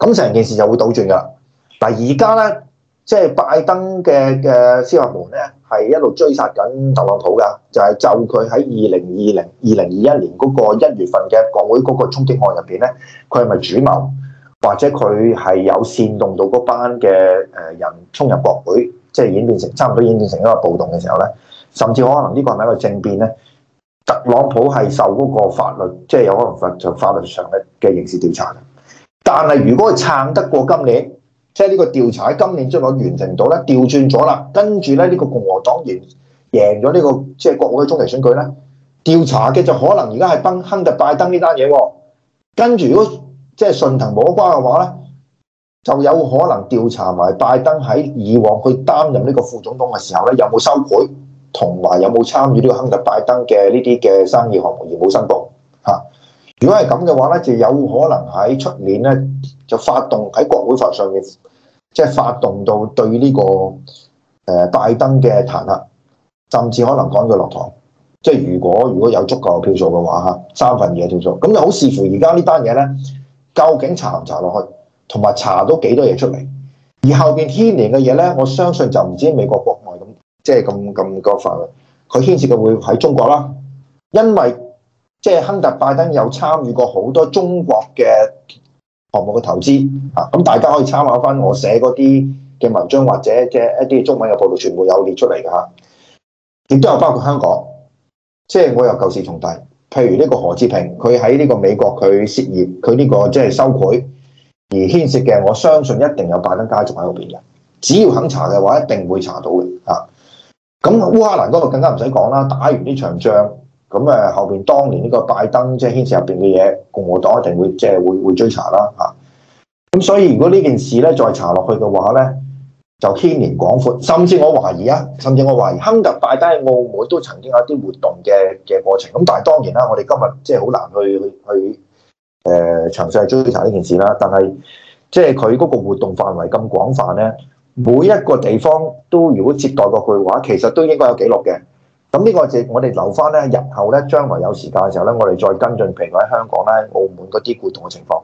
咁成件事就會倒轉噶啦。嗱，而家咧即係拜登嘅嘅司法部門咧。係一路追殺緊特朗普㗎，就係就佢喺二零二零、二零二一年嗰個一月份嘅國會嗰個衝擊案入邊咧，佢係咪主謀，或者佢係有煽動到嗰班嘅誒人衝入國會，即係演變成差唔多演變成一個暴動嘅時候咧，甚至可能呢個係咪一個政變咧，特朗普係受嗰個法律，即係有可能法法律上嘅嘅刑事調查。但係如果佢撐得過今年，即係呢個調查喺今年將來完成到咧，調轉咗啦。跟住咧，呢個共和黨完贏咗呢個即係國會嘅中期選舉咧，調查嘅就可能而家係奔亨特拜登呢單嘢。跟住如果即係順藤摸瓜嘅話咧，就有可能調查埋拜登喺以往去擔任呢個副總統嘅時候咧，有冇收賄，同埋有冇參與呢個亨特拜登嘅呢啲嘅生意項目而冇申報嚇。啊如果係咁嘅話咧，就有可能喺出年咧就發動喺國會法上面，即係發動到對呢個誒拜登嘅彈劾，甚至可能趕佢落堂。即係如果如果有足夠票數嘅話，嚇三分二嘅票數，咁就好視乎而家呢單嘢咧，究竟查唔查落去，同埋查到幾多嘢出嚟。而後邊牽連嘅嘢咧，我相信就唔知美國國外咁，即係咁咁個法律，佢牽涉嘅會喺中國啦，因為。即係亨特拜登有參與過好多中國嘅項目嘅投資啊！咁大家可以參考翻我寫嗰啲嘅文章，或者即係一啲中文嘅報道，全部有列出嚟嘅嚇。亦都有包括香港，即係我又舊事重提。譬如呢個何志平，佢喺呢個美國佢涉業，佢呢個即係收賄而牽涉嘅，我相信一定有拜登家族喺嗰邊嘅。只要肯查嘅話，一定會查到嘅嚇。咁烏克蘭嗰度更加唔使講啦，打完呢場仗。咁誒，後邊當年呢個拜登即係牽涉入邊嘅嘢，共和黨一定會即係會會追查啦吓，咁、啊、所以如果呢件事咧再查落去嘅話咧，就牽連廣闊，甚至我懷疑啊，甚至我懷疑亨特拜登喺澳門都曾經有一啲活動嘅嘅過程。咁但係當然啦，我哋今日即係好難去去誒詳細去追查呢件事啦。但係即係佢嗰個活動範圍咁廣泛咧，每一個地方都如果接待過佢嘅話，其實都應該有記錄嘅。咁呢個就我哋留翻咧，日後咧將來有時間嘅時候咧，我哋再跟進譬如喺香港咧、澳門嗰啲活動嘅情況。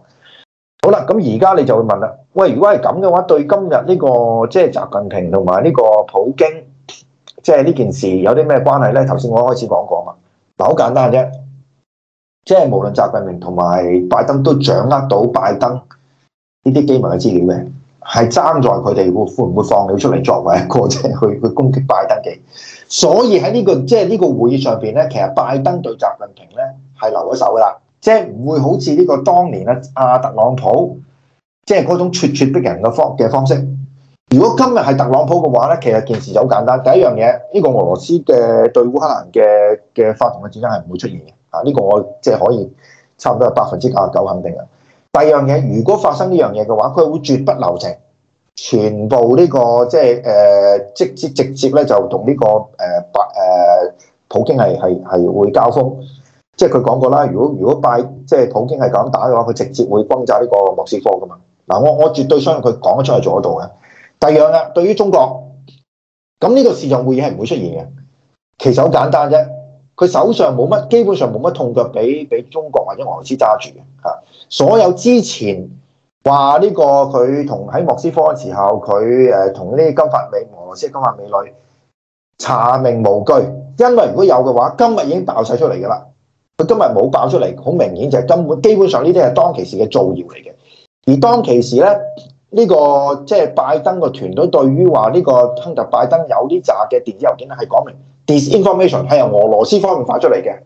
好啦，咁而家你就會問啦，喂，如果係咁嘅話，對今日呢個即係習近平同埋呢個普京，即係呢件事有啲咩關係咧？頭先我開始講過啊嘛，好簡單啫，即係無論習近平同埋拜登都掌握到拜登呢啲機密嘅資料嘅。係爭在佢哋會會唔會放你出嚟作為一個即係去去攻擊拜登嘅，所以喺呢、呢個即係呢個會議上邊咧，其實拜登對習近平咧係留咗手噶啦，即係唔會好似呢個當年咧阿、啊、特朗普即係嗰種咄咄逼人嘅方嘅方式。如果今日係特朗普嘅話咧，其實件事就好簡單。第一樣嘢，呢、呢個俄羅斯嘅對烏克蘭嘅嘅發動嘅戰爭係唔會出現嘅。啊，呢、呢個我即係、即係、可以差唔多係百分之九十九肯定嘅。第二樣嘢，如果發生呢樣嘢嘅話，佢會絕不留情，全部呢個即係誒，直接直接咧就同呢個誒拜、誒普京係係係會交鋒，即係佢講過啦。如果如果拜、即係普京係咁打嘅話，佢直接會轟炸呢個莫斯科噶嘛。嗱、啊，我我絕對相信佢講得出係做得到嘅。第二樣咧，對於中國，咁呢個視像會議係唔會出現嘅。其實好簡單啫，佢手上冇乜，基本上冇乜痛腳俾、俾中國或者俄羅斯揸住嘅吓。所有之前話呢個佢同喺莫斯科嘅時候，佢誒同呢啲金髮美、俄羅斯金髮美女查明無據，因為如果有嘅話，今日已經爆晒出嚟噶啦。佢今日冇爆出嚟，好明顯就係根本基本上呢啲係當其時嘅造謠嚟嘅。而當其時咧，呢個即係拜登個團隊對於話呢個亨特拜登有啲炸嘅電子郵件係講明 disinformation 係由俄羅斯方面發出嚟嘅。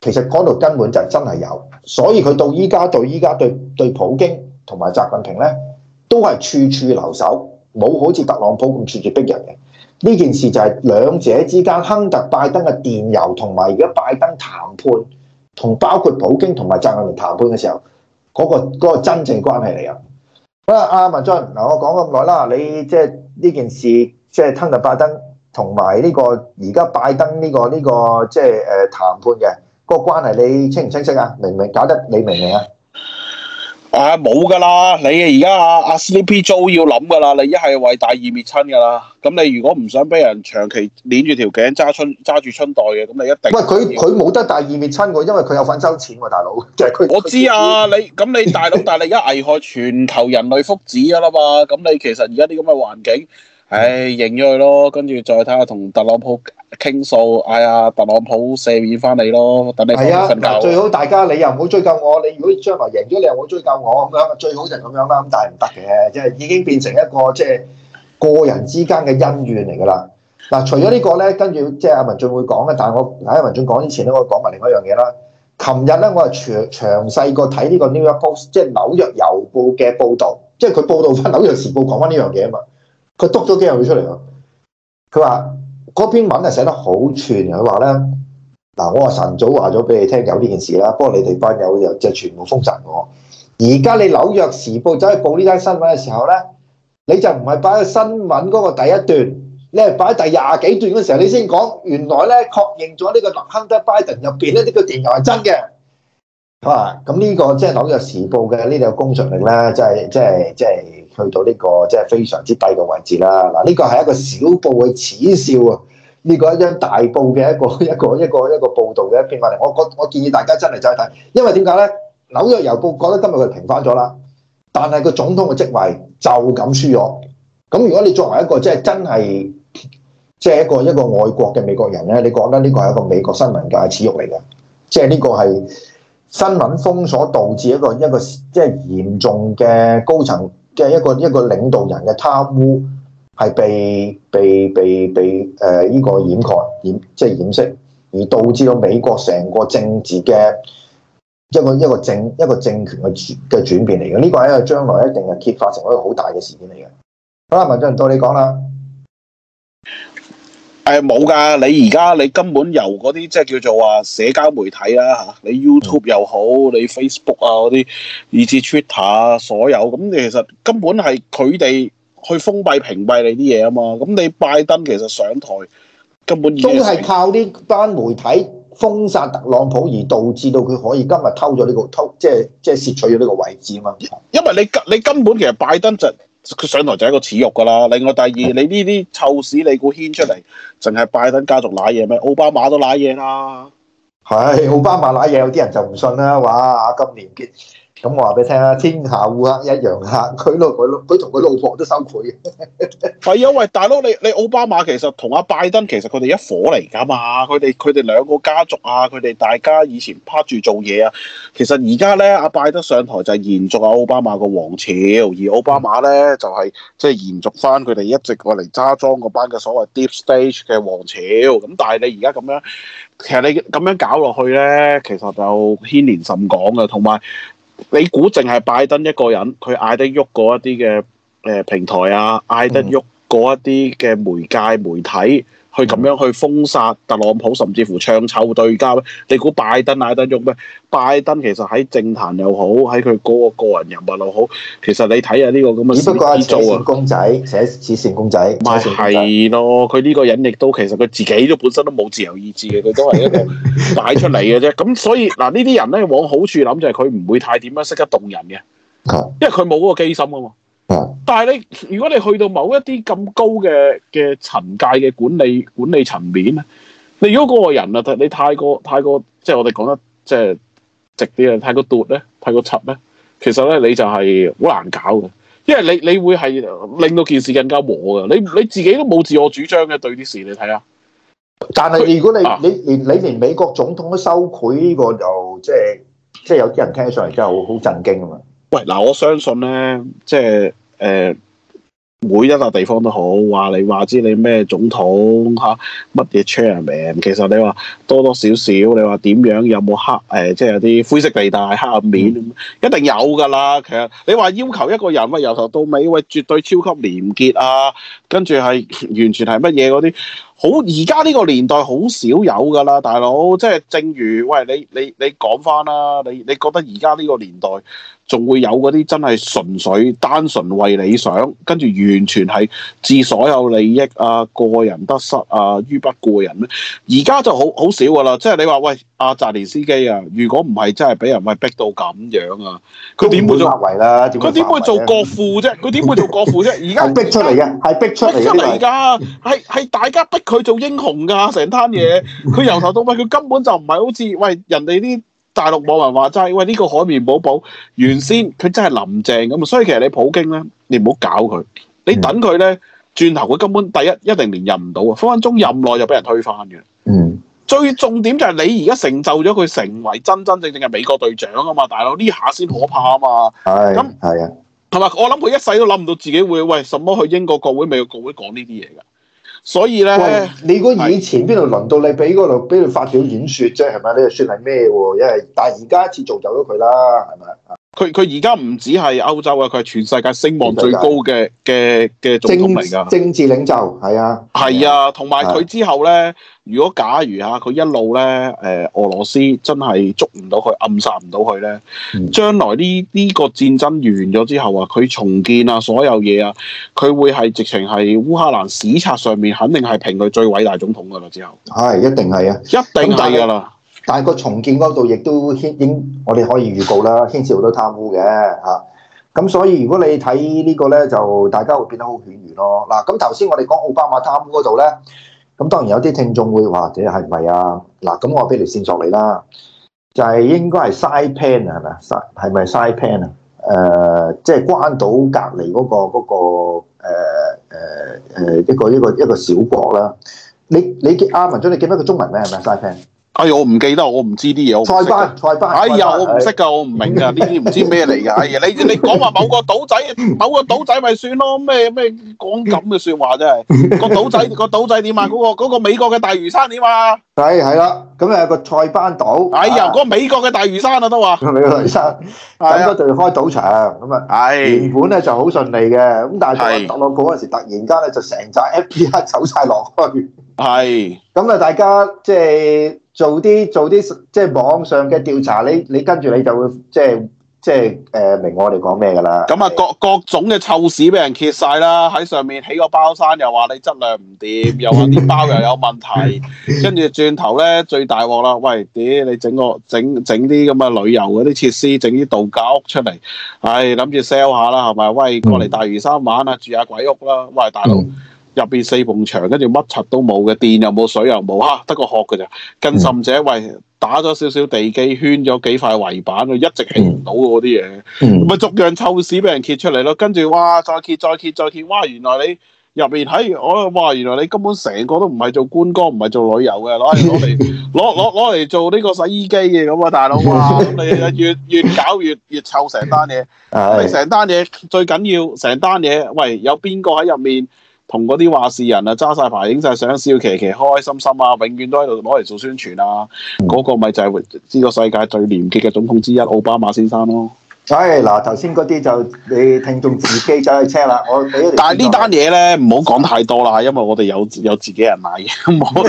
其實嗰度根本就真係有，所以佢到依家對依家對對普京同埋習近平咧，都係處處留手，冇好似特朗普咁處處逼人嘅。呢件事就係兩者之間，亨特拜登嘅電郵同埋而家拜登談判，同包括普京同埋習近平談判嘅時候，嗰個嗰個真正關係嚟啊！好啦，阿文進嗱，我講咁耐啦，你即係呢件事，即係亨特拜登同埋呢個而家拜登呢個呢個即係誒談判嘅。個關係你清唔清晰啊？明唔明？搞得你明唔明啊？啊冇噶啦！你而家啊啊 Sleepy Joe 要諗噶啦！你一係為大義滅親噶啦，咁你如果唔想俾人長期攆住條頸揸春揸住春袋嘅，咁你一定喂佢佢冇得大義滅親喎，因為佢有份收錢喎，大佬。即係佢我知啊， 你咁你大佬，大力一危害全球人類福祉啊啦嘛！咁你其實而家啲咁嘅環境，誒認咗佢咯，看看跟住再睇下同特朗普。傾數，哎呀，特朗普赦免翻你咯，等你瞓覺，啊。最好大家你又唔好追究我，你如果將來贏咗，你又唔好追究我咁樣，最好就咁樣啦。咁但係唔得嘅，即係已經變成一個即係個人之間嘅恩怨嚟噶啦。嗱，除咗呢個咧，跟住即係阿文俊會講嘅。但係我喺阿文俊講之前咧，我講埋另一樣嘢啦。琴日咧，我係詳詳細個睇呢個 New York Post，即係紐約郵報嘅報，報道，即係佢報道翻紐約時報講翻呢樣嘢啊嘛。佢讀咗幾日佢出嚟啊，佢話。嗰篇文係寫得好串，佢話咧，嗱，我話晨早話咗俾你聽有呢件事啦，不過你哋班友又即係全部封殺我。而家你紐約時報走去報呢單新聞嘅時候咧，你就唔係擺喺新聞嗰個第一段，你係擺喺第廿幾段嘅時候，你先講原來咧，確認咗呢個林亨特拜登入邊咧呢個電郵係真嘅。啊！咁呢、這個即係紐約時報嘅呢個公信力咧，即係即係即係去到呢、這個即係、就是、非常之低嘅位置啦。嗱，呢個係一個小報嘅恥笑啊！呢、這個一張大報嘅一個一個一個一個報道嘅一篇文嚟。我我建議大家真係走去睇，因為點解咧？紐約郵報覺得今日佢平反咗啦，但係個總統嘅職位就咁輸咗。咁如果你作為一個即係、就是、真係即係一個一個外國嘅美國人咧，你覺得呢個係一個美國新聞界恥辱嚟嘅？即係呢個係。新聞封鎖導致一個一個即係嚴重嘅高層嘅一個一個領導人嘅貪污係被被被被誒依個掩蓋掩即係掩飾，而導致到美國成個政治嘅一個一個政一個政權嘅轉嘅轉變嚟嘅。呢個係將來一定係揭發成一個好大嘅事件嚟嘅。好啦，文進到你講啦。誒冇噶，你而家你根本由嗰啲即係叫做話社交媒體啦嚇，你 YouTube 又好，你 Facebook 啊嗰啲，以至 Twitter 啊所有咁，嗯，其實根本係佢哋去封閉，屏蔽你啲嘢啊嘛。咁，嗯、你拜登其實上台根本都係靠呢班媒體封殺特朗普，而導致到佢可以今日偷咗呢、呢個偷，即係即係竊取咗呢個位置啊嘛。因為你你根本其實拜登就。佢上台就係一個恥辱噶啦。另外第二，你呢啲臭屎你估牽出嚟，淨係拜登家族攋嘢咩？奧巴馬都攋嘢啦。係、哎、奧巴馬攋嘢，有啲人就唔信啦。哇！今年結。咁我話俾你聽啦，天下烏鴉一樣黑。佢佢同佢老婆都三倍， 係因為大佬，你你奧巴馬其實同阿拜登其實佢哋一伙嚟噶嘛？佢哋佢哋兩個家族啊，佢哋大家以前拍住做嘢啊。其實而家咧，阿拜登上台就係延續阿奧巴馬個王朝，而奧巴馬咧就係即係延續翻佢哋一直過嚟揸莊嗰班嘅所謂 deep stage 嘅王朝。咁但係你而家咁樣，其實你咁樣搞落去咧，其實就牽連甚廣嘅，同埋。你估淨係拜登一個人，佢嗌得喐過一啲嘅誒平台啊，嗌得喐過一啲嘅媒介媒體？佢咁樣去封殺特朗普，甚至乎唱臭對家咧？你估拜登嗌得喐咩？拜登其實喺政壇又好，喺佢嗰個個人人物又好，其實你睇下呢個咁嘅，只不過一支線公仔，寫紙線公仔，咪係咯？佢呢個人亦都其實佢自己都本身都冇自由意志嘅，佢都係一個擺出嚟嘅啫。咁 所以嗱，呢啲人咧，往好處諗就係佢唔會太點樣識得動人嘅，因為佢冇嗰個機心啊嘛。但係你如果你去到某一啲咁高嘅嘅層界嘅管理管理層面咧，你如果嗰個人啊，你太過太過，即係我哋講得即係直啲啊，太過毒咧，太過賊咧，其實咧你就係好難搞嘅，因為你你會係令到件事更加和噶，你你自己都冇自我主張嘅對啲事，你睇下。但係如果你、啊、你，你連你連美國總統都收賄呢個，就即係即係有啲人聽上嚟真係好震驚啊嘛！喂，嗱，我相信咧，即係。誒，每一個地方都好，話你話知你咩總統吓，乜嘢 Chairman，其實你話多多少少，你話點樣有冇黑，誒，即係有啲灰色地帶黑暗面，嗯、一定有噶啦。其實你話要求一個人喂由頭到尾喂絕對超級廉潔啊，跟住係完全係乜嘢嗰啲，好，而家呢個年代好少有噶啦，大佬。即係正如喂你你你講翻啦，你你，你，你，你，你覺得而家呢個年代？仲會有嗰啲真係純粹單純為理想，跟住完全係置所有利益啊、個人得失啊於不顧人咧。而家就好好少噶啦，即係你話喂阿澤連斯基啊，如果唔係真係俾人喂逼到咁樣啊，佢點會做阿維啦？佢點會做國父啫？佢點會做國父啫？而家 逼出嚟嘅，係在逼出嚟㗎，係係大家逼佢做英雄㗎，成攤嘢。佢由 頭到尾，佢根本就唔係好似喂人哋啲。大陸網民話齋，喂呢個海綿寶寶原先佢真係林鄭咁，所以其實你普京咧，你唔好搞佢，你等佢咧，轉頭佢根本第一一定連任唔到啊，分分鐘任內就俾人推翻嘅。嗯，最重點就係你而家成就咗佢成為真真正正嘅美國隊長啊嘛，大佬呢下先可怕啊嘛。係咁係啊，同埋那的我諗佢一世都諗唔到自己會喂，什麼去英國國會、美國國會講呢啲嘢噶？所以呢，喂是你嗰以前邊度輪到你俾嗰度俾佢發表演說啫，係咪？你、這、又、個、算係咩喎？因為但係而家一次造就咗佢啦，係咪？佢佢而家唔止係歐洲啊，佢係全世界聲望最高嘅嘅嘅總統嚟噶，政治領袖係啊，係 啊，同埋佢之後咧，如果假如嚇佢一路咧，誒俄羅斯真係捉唔到佢，暗殺唔到佢咧，將來呢呢個戰爭完咗之後啊，佢重建啊，所有嘢啊，佢會係直情係烏克蘭史冊上面肯定係評佢最偉大總統噶啦，之後係一定係啊，一定係噶啦。 但係個重建嗰度亦都牽引，我哋可以預告啦，牽涉好多貪污嘅嚇。咁、啊、所以如果你睇呢個咧，就大家會變得好犬儒咯。嗱、啊，咁頭先我哋講奧巴馬貪污嗰度咧，咁、啊、當然有啲聽眾會話，誒係咪係啊？嗱、啊，咁我俾條線索你啦，就係、是、應該係 Sai Pan 係咪？係咪 Sai Pan 啊、呃？誒，即係關島隔離嗰、那個嗰、那個誒、呃呃、一個一個一個小國啦。你你阿、啊、文總你記唔記得個中文名係咪？Sai Pan？哎呀，我唔記得，我唔知啲嘢，我唔識。塞班，塞班。哎呀，我唔識噶，我唔明噶，呢啲唔知咩嚟噶。哎呀，你你講話某個島仔，某個島仔咪算咯。咩咩講咁嘅説話真係。個島仔個島仔點啊？嗰個嗰個美國嘅大嶼山點啊？係係啦。咁啊個塞班島。哎呀，個美國嘅大嶼山啊都話。美國大嶼山，啊應該對開賭場咁啊。係。原本咧就好順利嘅，咁但係做特朗普嗰陣時，突然間咧就成紮 FBI 走曬落去。係。咁啊，大家即係。做啲做啲即係網上嘅調查，你你跟住你就會即係即係誒、呃、明我哋講咩㗎啦。咁啊、嗯、各各種嘅臭屎俾人揭晒啦，喺上面起個包山，又話你質量唔掂，又話啲包又有問題，跟住 轉頭咧最大鑊啦！喂，點你整個整整啲咁嘅旅遊嗰啲設施，整啲度假屋出嚟，唉，諗住 sell 下啦係咪？喂，過嚟大嶼山玩啊，住下鬼屋啦！喂，大佬。嗯入邊四埲牆，跟住乜柒都冇嘅，電又冇，水又冇，吓、啊、得個殼嘅咋。更甚者，喂，打咗少少地基，圈咗幾塊圍板，佢一直起唔到嗰啲嘢，咪、嗯、逐樣臭屎俾人揭出嚟咯。跟住哇，再揭，再揭，再揭，哇！原來你入面，嘿、哎，我哇，原來你根本成個都唔係做觀光，唔係做旅遊嘅，攞嚟攞嚟攞攞攞嚟做呢個洗衣機嘅，咁啊，大佬哇！你越越搞越越臭成單嘢，成單嘢最緊要成單嘢，喂，有邊個喺入面？同嗰啲話事人啊，揸晒牌影晒相，笑騎騎開開心心啊，永遠都喺度攞嚟做宣傳啊，嗰、嗯、個咪就係呢個世界最廉潔嘅總統之一奧巴馬先生咯。所以嗱，頭先嗰啲就你聽眾自己走去 check 啦。我俾一，但係呢單嘢咧，唔好講太多啦，因為我哋有有自己人買嘢，冇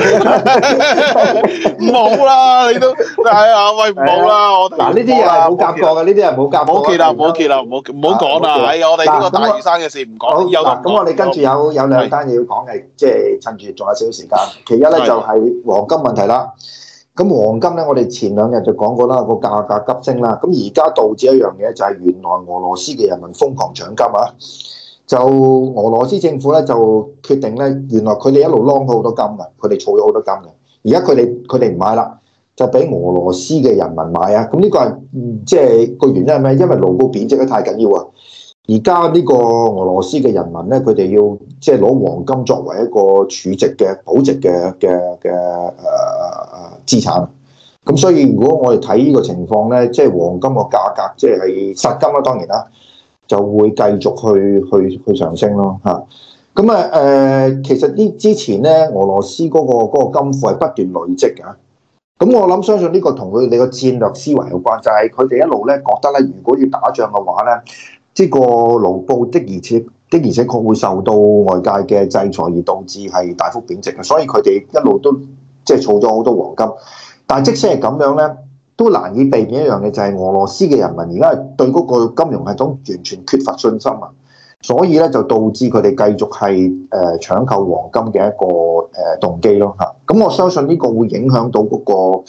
啦，你都係啊，喂，冇啦，我嗱呢啲嘢係冇夾過嘅，呢啲係冇夾過。唔好揭啦，唔好揭啦，唔好唔好講啦。係我哋呢個大魚生嘅事唔講。有咁我哋跟住有有兩單嘢要講，嘅，即係趁住仲有少少時間。其一咧就係黃金問題啦。咁黃金咧，我哋前兩日就講過啦，個價格急升啦。咁而家導致一樣嘢就係原來俄羅斯嘅人民瘋狂搶金啊！就俄羅斯政府咧就決定咧，原來佢哋一路攞到好多金啊。佢哋儲咗好多金嘅。而家佢哋佢哋唔買啦，就俾俄羅斯嘅人民買啊！咁呢個係即係個原因係咩？因為盧布貶值得太緊要啊！而家呢個俄羅斯嘅人民咧，佢哋要即係攞黃金作為一個儲值嘅保值嘅嘅嘅誒。資產，咁所以如果我哋睇呢個情況咧，即係黃金個價格，即係實金啦，當然啦，就會繼續去去去上升咯嚇。咁啊誒，其實啲之前咧，俄羅斯嗰個嗰個金庫係不斷累積嘅。咁我諗相信呢個同佢哋個戰略思維有關，就係佢哋一路咧覺得咧，如果要打仗嘅話咧，呢個盧布的而且的而且確會受到外界嘅制裁而導致係大幅貶值嘅，所以佢哋一路都。即係儲咗好多黃金，但即使係咁樣咧，都難以避免一樣嘢，就係、是、俄羅斯嘅人民而家對嗰個金融系統完全缺乏信心啊！所以咧就導致佢哋繼續係誒搶購黃金嘅一個誒動機咯嚇。咁我相信呢個會影響到嗰、那個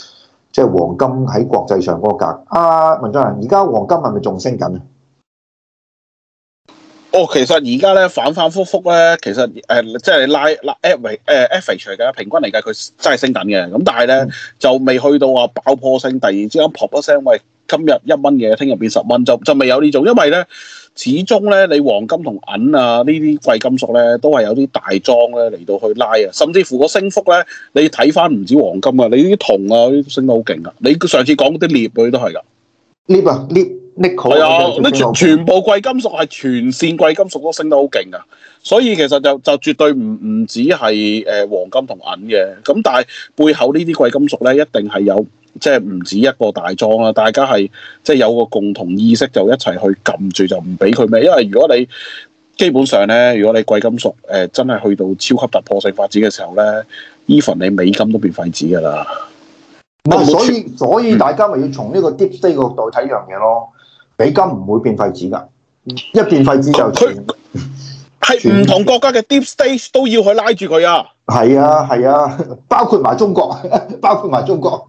即係、就是、黃金喺國際上嗰個價啊。文進仁，而家黃金係咪仲升緊啊？哦，其實而家咧反反覆覆咧，其實誒、呃、即係拉拉 average 嚟嘅，平均嚟計，佢真係升緊嘅。咁但係咧就未去到話爆破性，突然之間 pop 一聲，喂，今日一蚊嘅，聽日變十蚊，就就未有呢種。因為咧，始終咧你黃金同銀啊貴呢啲貴金屬咧都係有啲大莊咧嚟到去拉啊，甚至乎個升幅咧，你睇翻唔止黃金啊，你啲銅啊啲升得好勁啊，你上次講嗰啲鉛嗰都係㗎，鉛啊鉛。係啊，全部貴金屬，係全線貴金屬都升得好勁啊，所以其實就就絕對唔唔止係誒黃金同銀嘅，咁但係背後貴呢啲貴金屬咧，一定係有即係唔止一個大莊啦，大家係即係有個共同意識就一齊去撳住，就唔俾佢咩。因為如果你基本上咧，如果你貴金屬誒、呃、真係去到超級突破性發展嘅時候咧，even 你美金都變廢紙噶啦。嗯、所以、嗯、所以所以大家咪要從呢個 deep state 嘅角度睇樣嘢咯。美金唔會變廢紙噶，一變廢紙就佢係唔同國家嘅 deep state 都要去拉住佢啊！係啊係啊，包括埋中國，包括埋中國，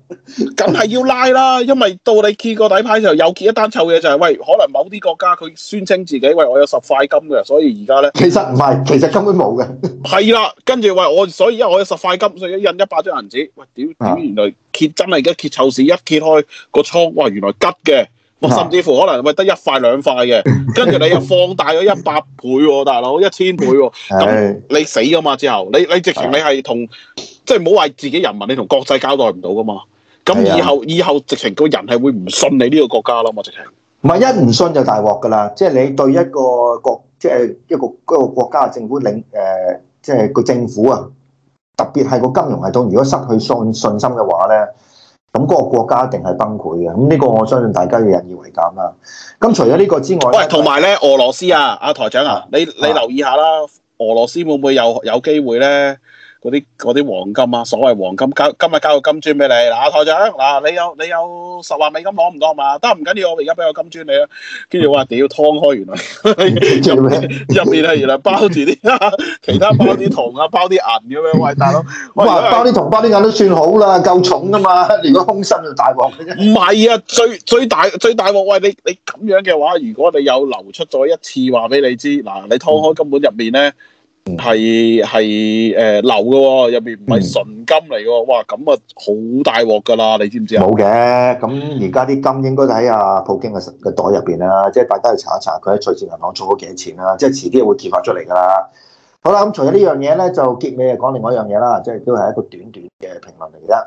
梗係要拉啦。因為到你揭個底牌就又揭一單臭嘢，就是，就係喂，可能某啲國家佢宣稱自己喂我有十塊金嘅，所以而家咧，其實唔係，其實根本冇嘅。係 啦、啊，跟住喂我，所以因為我有十塊金，所以一印一百張銀紙。喂，屌，點原來揭、啊、真係而家揭臭事，一揭開個倉，哇，原來吉嘅。甚至乎可能咪得一塊兩塊嘅，跟住你又放大咗一百倍、啊，大佬一千倍、啊，咁你死噶嘛？之後你你直情你係同是的 即係唔好話自己人民，你同國際交代唔到噶嘛？咁以後是的 以後直情個人係會唔信你呢個國家啦我直情唔係一唔信就大鑊噶啦！即、就、係、是、你對一個國，即、就、係、是、一個嗰個,個國家政府領誒，即、呃、係、就是、個政府啊，特別係個金融系統，如果失去信信心嘅話咧。咁嗰個國家一定係崩潰嘅，咁呢個我相信大家要引以為鑒啦。咁除咗呢個之外喂，同埋咧，俄羅斯啊，阿台長啊，啊你你留意下啦，俄羅斯會唔會有有機會咧？嗰啲啲黃金啊，所謂黃金今交今日交個金磚俾你嗱、啊、台長嗱、啊、你有你有十萬美金攞唔攞嘛？得、啊、唔緊要，我而家俾個金磚你啊，跟住我話屌，劏開原來入知 面入面啊，原來包住啲其他包啲銅啊，包啲銀咁樣。喂大佬，包啲銅包啲銀都算好啦，夠重噶嘛？連個空心就大鑊。唔係啊，最最大最大鑊喂，你你咁樣嘅話，如果你有流出咗一次，話俾你知嗱，你劏開金本入面咧。係係誒，流嘅喎，入邊唔係純金嚟嘅喎。嗯、哇咁啊，好大鑊噶啦，你知唔知啊？冇嘅，咁而家啲金應該都喺阿普京嘅嘅袋入邊啦。即係大家去查一查，佢喺瑞士銀行儲咗幾多錢啦，即係遲啲會揭發出嚟噶啦。好啦，咁除咗呢樣嘢咧，就結尾啊講另外一樣嘢啦，即係都係一個短短嘅評論嚟啦。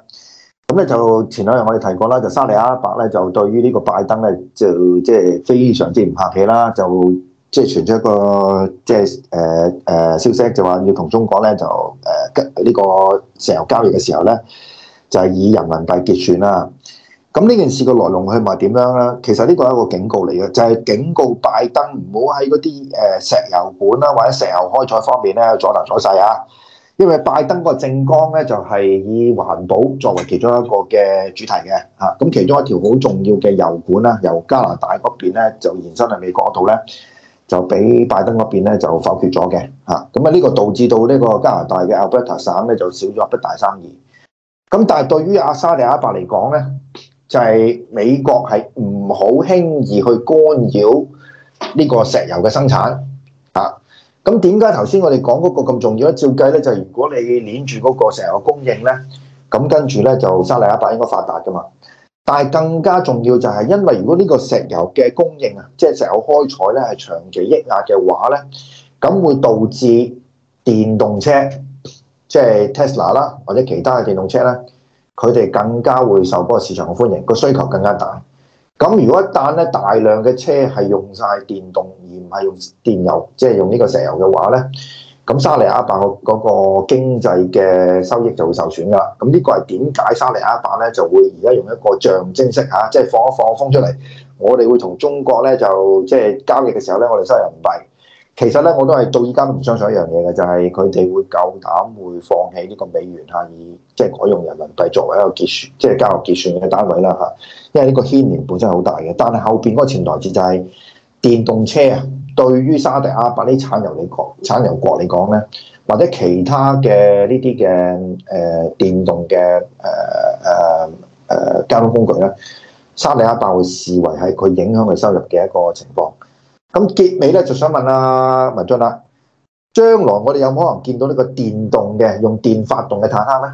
咁咧就前兩日我哋提過啦，就沙地阿拉伯咧就對於呢個拜登咧就即係非常之唔客氣啦，就。即係傳出一個即係誒誒消息，就話要同中國咧就誒呢個石油交易嘅時候咧，就係、是、以人民幣結算啦。咁呢件事嘅來龍去脈點樣咧？其實呢個係一個警告嚟嘅，就係、是、警告拜登唔好喺嗰啲誒石油管啦，或者石油開採方面咧阻頭阻勢啊。因為拜登個政綱咧就係、是、以環保作為其中一個嘅主題嘅嚇。咁、啊、其中一條好重要嘅油管啦，由加拿大嗰邊咧就延伸喺美國度咧。就俾拜登嗰邊咧就否決咗嘅嚇，咁啊，呢個導致到呢個加拿大嘅 Alberta 省咧就少咗一筆大生意。咁但係對於阿沙利阿伯嚟講咧，就係、係、美國係唔好輕易去干擾呢個石油嘅生產啊。咁點解頭先我哋講嗰個咁重要咧？照計咧就係、如果你捏住嗰個石油供應咧，咁跟住咧就沙利阿伯應該發達噶嘛。但係更加重要就係，因為如果呢個石油嘅供應啊，即係石油開採咧係長期抑壓嘅話咧，咁會導致電動車，即係 Tesla 啦，或者其他嘅電動車咧，佢哋更加會受嗰個市場嘅歡迎，個需求更加大。咁如果一旦咧大量嘅車係用晒電動，而唔係用電油，即係用呢個石油嘅話咧。咁沙地阿拉伯個嗰個經濟嘅收益就會受損噶啦。咁呢個係點解沙地阿拉伯咧就會而家用一個象徵式嚇，即、啊、係、就是、放一放個風出嚟。我哋會同中國咧就即係、就是、交易嘅時候咧，我哋收入人民幣。其實咧，我都係到依家都唔相信一樣嘢嘅，就係佢哋會夠膽會放棄呢個美元嚇、啊，以即係、就是、改用人民幣作為一個結算，即、就、係、是、交易結算嘅單位啦嚇、啊。因為呢個牽連本身好大嘅，但係後邊嗰個潛台詞就係電動車啊。對於沙特阿伯呢產油，你講產油國你講咧，或者其他嘅呢啲嘅誒電動嘅誒誒誒交通工具咧，沙特阿伯會視為係佢影響佢收入嘅一個情況。咁結尾咧，就想問阿、啊、文進啦、啊，將來我哋有冇可能見到呢個電動嘅用電發動嘅坦克咧？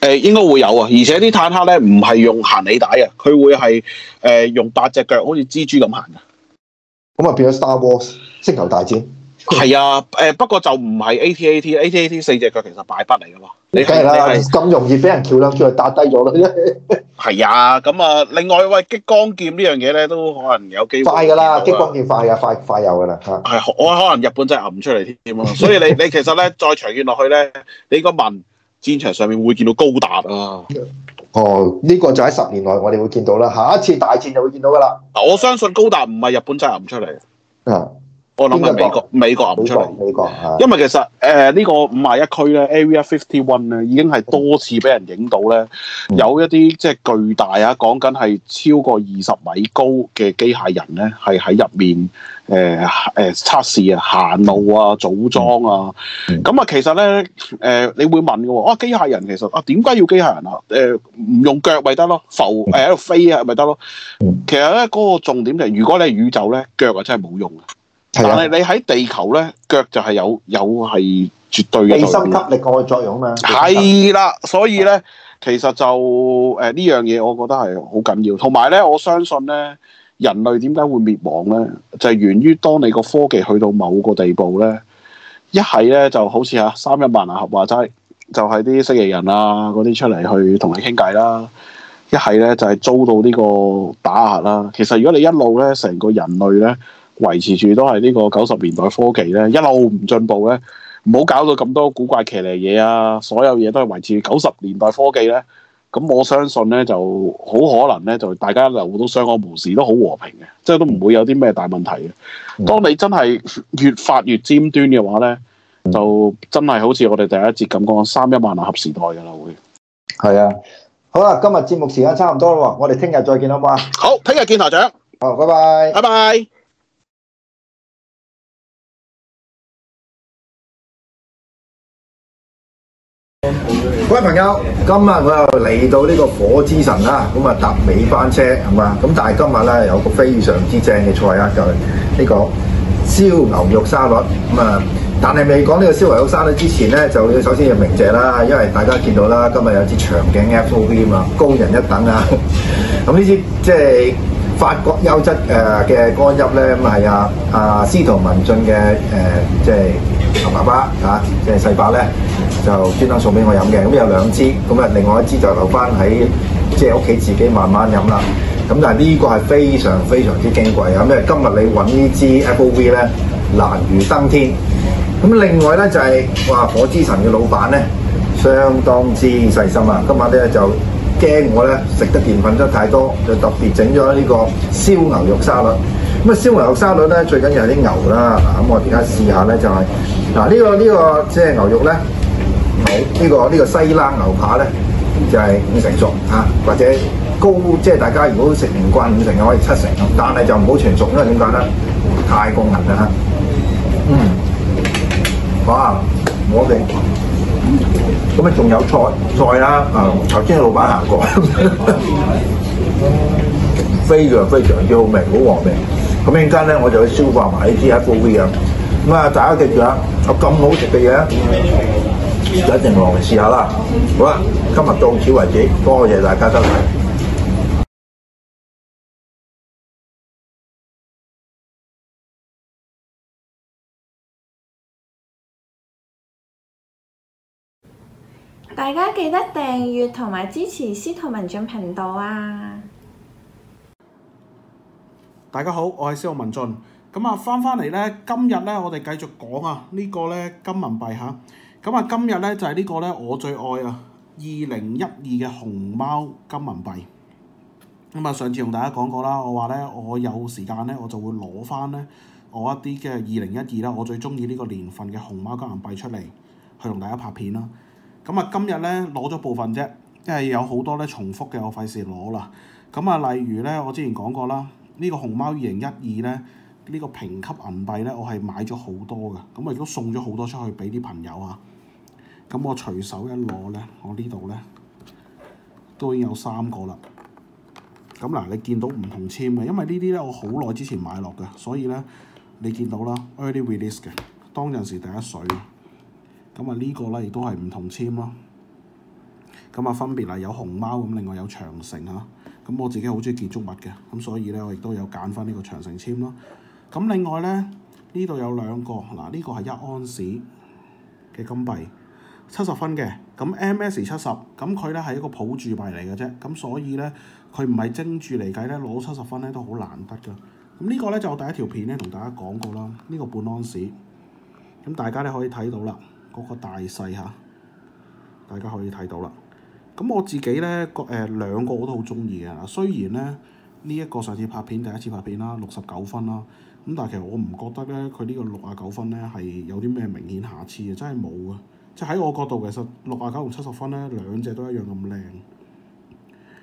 誒、呃、應該會有啊，而且啲坦克咧唔係用行李帶啊，佢會係誒、呃、用八隻腳，好似蜘蛛咁行。咁啊，變咗 Star Wars 星球大戰，係啊，誒、呃，不過就唔係 A T A T A T A T 四隻腳，其實敗筆嚟噶嘛，你梗係啦，咁是容易俾人撬啦，叫佢打低咗咯，係 啊，咁啊，另外喂，激光劍呢樣嘢咧，都可能有機會快噶啦，激光劍快噶，快快有噶啦，係是、嗯、我可能日本真係揞唔出嚟添啊，所以你你其實咧 再長遠落去咧，你個文。戰場上面會見到高達啊！哦，呢、這個就喺十年內我哋會見到啦，下一次大戰就會見到噶啦。我相信高達唔係日本真係整唔出嚟啊！我諗緊美國，美國冇出嚟。美國，因為其實誒呢個五廿一區咧，Area Fifty One 咧，已經係多次俾人影到咧，有一啲即係巨大啊，講緊係超過二十米高嘅機械人咧，係喺入面誒誒測試啊、行路啊、組裝啊。咁啊，其實咧誒你會問嘅，啊，機械人其實啊，點解要機械人啊？誒，唔用腳咪得咯，浮誒喺度飛啊咪得咯。其實咧嗰個重點就係，如果你係宇宙咧，腳啊真係冇用。但係你喺地球咧，腳就係有有係絕對嘅地心吸力個作用啊嘛，係啦，所以咧，其實就誒呢樣嘢，呃、我覺得係好緊要。同埋咧，我相信咧，人類點解會滅亡咧，就係、是、源於當你個科技去到某個地步咧，一係咧就好似啊三一萬能合話齋，就係啲蜥蜴人啊嗰啲出嚟去同你傾偈啦，一係咧就係、是、遭到呢個打壓啦。其實如果你一路咧成個人類咧。維持住都係呢個九十年代科技咧，一路唔進步咧，唔好搞到咁多古怪騎呢嘢啊！所有嘢都係維持九十年代科技咧，咁我相信咧就好可能咧，就大家一路都相安無事，都好和平嘅，即係都唔會有啲咩大問題嘅。當你真係越發越尖端嘅話咧，嗯、就真係好似我哋第一節咁講，三一萬能俠時代嘅啦會。係啊，好啦，今日節目時間差唔多啦，我哋聽日再見好嘛？好啊。好，聽日見台長。好，拜拜。拜拜。各位朋友，今日我又嚟到呢個火之神啦，咁啊搭尾班車係嘛，咁但係今日咧有個非常之正嘅菜啊，就係呢個燒牛肉沙律。咁啊，但係未講呢個燒牛肉沙律之前咧，就要首先要鳴謝啦，因為大家見到啦，今日有支長頸 FOP 嘛，高人一等啊。咁呢支即係法國優質誒嘅乾邑咧，咁係啊啊司徒文進嘅誒，即、呃、係。就是同爸爸嚇，即係細伯咧，就專登送俾我飲嘅。咁有兩支，咁啊，另外一支就留翻喺即係屋企自己慢慢飲啦。咁但係呢個係非常非常之矜貴啊！咩？今日你揾呢支 Apple V 咧，難如登天。咁另外咧就係、是、哇，火之神嘅老闆咧，相當之細心啊！今晚咧就驚我咧食得澱粉質太多，就特別整咗呢個燒牛肉沙律。咁啊，燒牛肉沙律咧最緊要係啲牛啦。咁我點解試下咧？就係、是嗱，呢個呢個即係牛肉咧，牛呢個呢個西冷牛扒咧就係五成熟嚇，或者高即係大家如果食唔慣五成，可以七成，但係就唔好全熟，因為點解咧？太過硬啦嚇。嗯，哇！我哋咁啊，仲有菜菜啦啊！頭先老闆行過，非常非常之好味，好和味。咁陣間咧，我就去消化埋啲 F V 啊！大家記住啊，啦，咁好食嘅嘢，一定落嚟試一下啦！好啦，今日到此為止，多謝大家收睇。大家記得訂閱同埋支持司徒文進頻道啊！大家好，我係司徒文進。咁啊，翻翻嚟咧，今日咧，我哋繼續講啊，呢個咧，金銀幣吓。咁啊，今日咧就係呢個咧，我最愛啊，二零一二嘅熊貓金銀幣。咁啊，上次同大家講過啦，我話咧，我有時間咧，我就會攞翻咧我一啲嘅二零一二咧，我最中意呢個年份嘅熊貓金銀幣出嚟，去同大家拍片啦。咁啊，今日咧攞咗部分啫，即係有好多咧重複嘅，我費事攞啦。咁啊，例如咧，我之前講過啦，呢個熊貓二零一二咧。呢個評級銀幣咧，我係買咗好多嘅，咁我亦都送咗好多出去俾啲朋友啊。咁我隨手一攞咧，我呢度咧都已經有三個啦。咁嗱，你見到唔同簽嘅，因為呢啲咧我好耐之前買落嘅，所以咧你見到啦 early release 嘅，當陣時第一水。咁啊，呢個咧亦都係唔同簽咯。咁啊，分別啊有熊貓咁，另外有長城啊。咁我自己好中意建築物嘅，咁所以咧我亦都有揀翻呢個長城簽咯。咁另外咧，呢度有兩個嗱，呢個係一安士嘅金幣，七十分嘅，咁 M.S. 七十，咁佢咧係一個普鑄幣嚟嘅啫。咁所以咧，佢唔係精鑄嚟計咧，攞七十分咧都好難得㗎。咁呢個咧就我第一條片咧同大家講過啦。呢個半安士，咁大家咧可以睇到啦，嗰個大細嚇，大家可以睇到啦。咁我自己咧個誒兩個我都好中意呀。雖然咧呢一個上次拍片第一次拍片啦，六十九分啦。咁但係其實我唔覺得咧，佢呢個六啊九分咧係有啲咩明顯瑕疵嘅，真係冇啊。即係喺我角度，其實六啊九同七十分咧兩隻都一樣咁靚。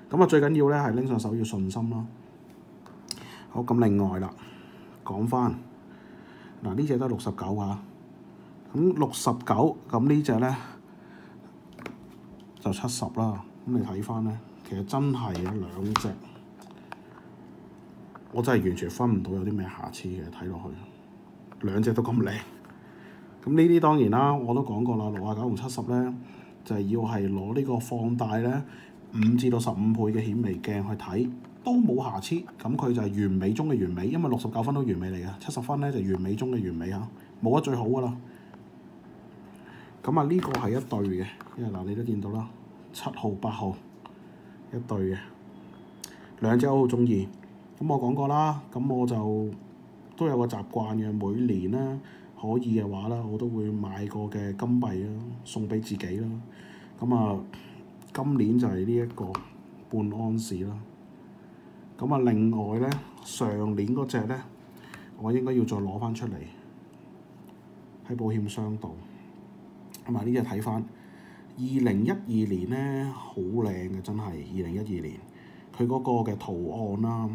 咁啊最緊要咧係拎上手要信心啦。好，咁另外啦，講翻嗱，呢隻都六十九啊。咁六十九，咁呢隻咧就七十啦。咁你睇翻咧，其實真係有兩隻。我真係完全分唔到有啲咩瑕疵嘅，睇落去兩隻都咁靚。咁呢啲當然啦，我都講過啦，六啊九同七十咧，就係要係攞呢個放大咧五至到十五倍嘅顯微鏡去睇，都冇瑕疵。咁佢就係完美中嘅完美，因為六十九分都完美嚟嘅，七十分咧就完美中嘅完美啊，冇得最好㗎啦。咁啊，呢個係一對嘅，因為嗱你都見到啦，七號八號一對嘅兩隻我都好中意。咁我講過啦，咁我就都有個習慣嘅，每年咧可以嘅話啦，我都會買過嘅金幣咯，送俾自己咯。咁啊，今年就係呢一個半安士啦。咁啊，另外咧，上年嗰隻咧，我應該要再攞翻出嚟喺保險箱度，咁啊，呢隻睇翻，二零一二年咧好靚嘅真係，二零一二年佢嗰個嘅圖案啦。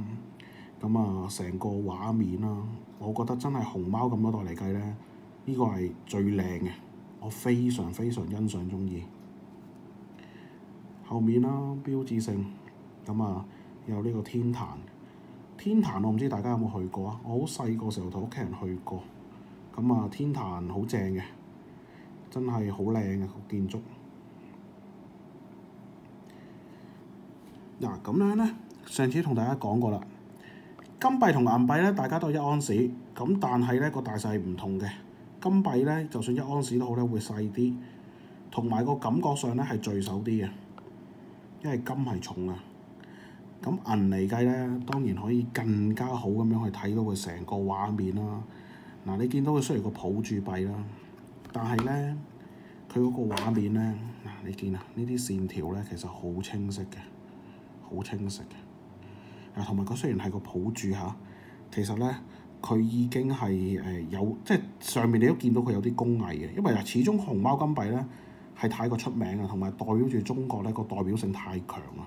咁啊，成個畫面啦、啊，我覺得真係熊貓咁多度嚟計咧，呢、呢個係最靚嘅，我非常非常欣賞中意。後面啦、啊，標誌性，咁啊有呢個天壇。天壇我唔知大家有冇去過啊？我好細個時候同屋企人去過，咁啊天壇好正嘅，真係好靚嘅個建築。嗱、啊、咁樣咧，上次同大家講過啦。金幣同銀幣咧，大家都一盎司，咁但係咧個大細唔同嘅。金幣咧，就算一盎司都好咧，會細啲，同埋個感覺上咧係聚手啲嘅，因為金係重啊。咁銀嚟計咧，當然可以更加好咁樣去睇到佢成個畫面啦。嗱、啊，你見到佢雖然個抱住幣啦，但係咧佢嗰個畫面咧，嗱你見啊，呢啲線條咧其實好清晰嘅，好清晰嘅。同埋佢雖然係個普住，嚇，其實咧佢已經係誒有，即係上面你都見到佢有啲工藝嘅，因為啊始終熊貓金幣咧係太過出名啊，同埋代表住中國咧個代表性太強啊。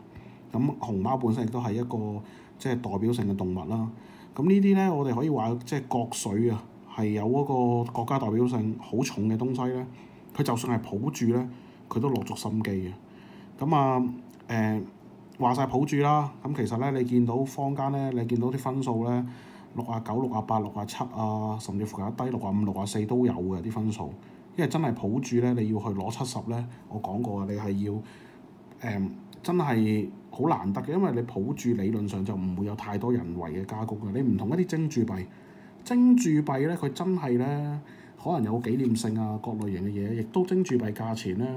咁熊貓本身亦都係一個即係代表性嘅動物啦。咁呢啲咧，我哋可以話即係國粹啊，係有嗰個國家代表性好重嘅東西咧。佢就算係普住咧，佢都落足心機嘅。咁啊誒。欸話晒抱住啦，咁其實咧，你見到坊間咧，你見到啲分數咧，六啊九、六啊八、六啊七啊，甚至乎有低六啊五、六啊四都有嘅啲分數，因為真係抱住咧，你要去攞七十咧，我講過嘅，你係要誒、嗯，真係好難得嘅，因為你抱住理論上就唔會有太多人為嘅加工嘅，你唔同一啲精鑄幣，精鑄幣咧佢真係咧，可能有紀念性啊，各類型嘅嘢，亦都精鑄幣價錢咧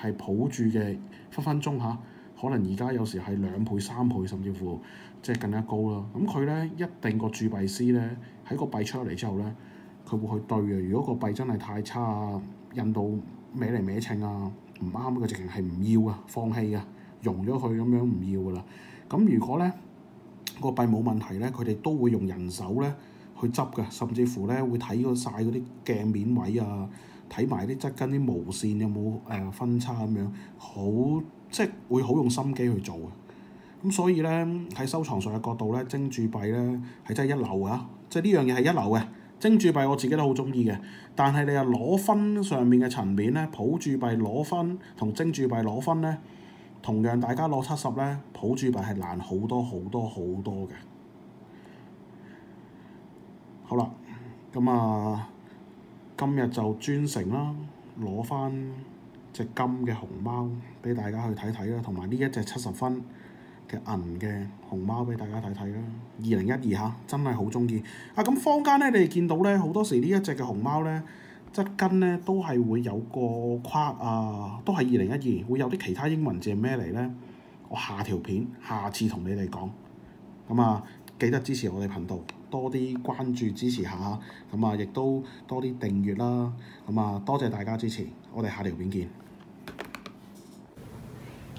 係抱住嘅分分鐘嚇。可能而家有時係兩倍、三倍，甚至乎即係更加高啦。咁佢咧一定個鑄幣師咧喺個幣出嚟之後咧，佢會去對嘅。如果個幣真係太差、啊、印到歪嚟歪稱啊，唔啱嘅，直情係唔要啊，放棄啊，熔咗佢咁樣唔要噶啦。咁如果咧、嗰個幣冇問題咧，佢哋都會用人手咧去執嘅，甚至乎咧會睇嗰曬嗰啲鏡面位啊，睇埋啲質跟啲毛線有冇誒、呃、分叉咁樣好。即係會好用心機去做嘅，咁所以咧喺收藏上嘅角度咧，精鑄幣咧係真係一流啊！即係呢樣嘢係一流嘅，精鑄幣我自己都好中意嘅。但係你又、啊、攞分上面嘅層面咧，普鑄幣攞分同精鑄幣攞分咧，同樣大家攞七十咧，普鑄幣係難好多好多好多嘅。好啦，咁啊，今日就專程啦，攞翻隻金嘅熊貓俾大家去睇睇啦，同埋呢一隻七十分嘅銀嘅熊貓俾大家睇睇啦。二零一二吓，真係好中意啊！咁坊間咧，你哋見到咧，好多時呢一隻嘅熊貓咧，側根咧都係會有個框啊，都係二零一二，會有啲其他英文字係咩嚟咧？我下條片下次同你哋講。咁啊，記得支持我哋頻道，多啲關注支持下，咁啊亦都多啲訂閱啦。咁啊，多謝大家支持，我哋下條片見。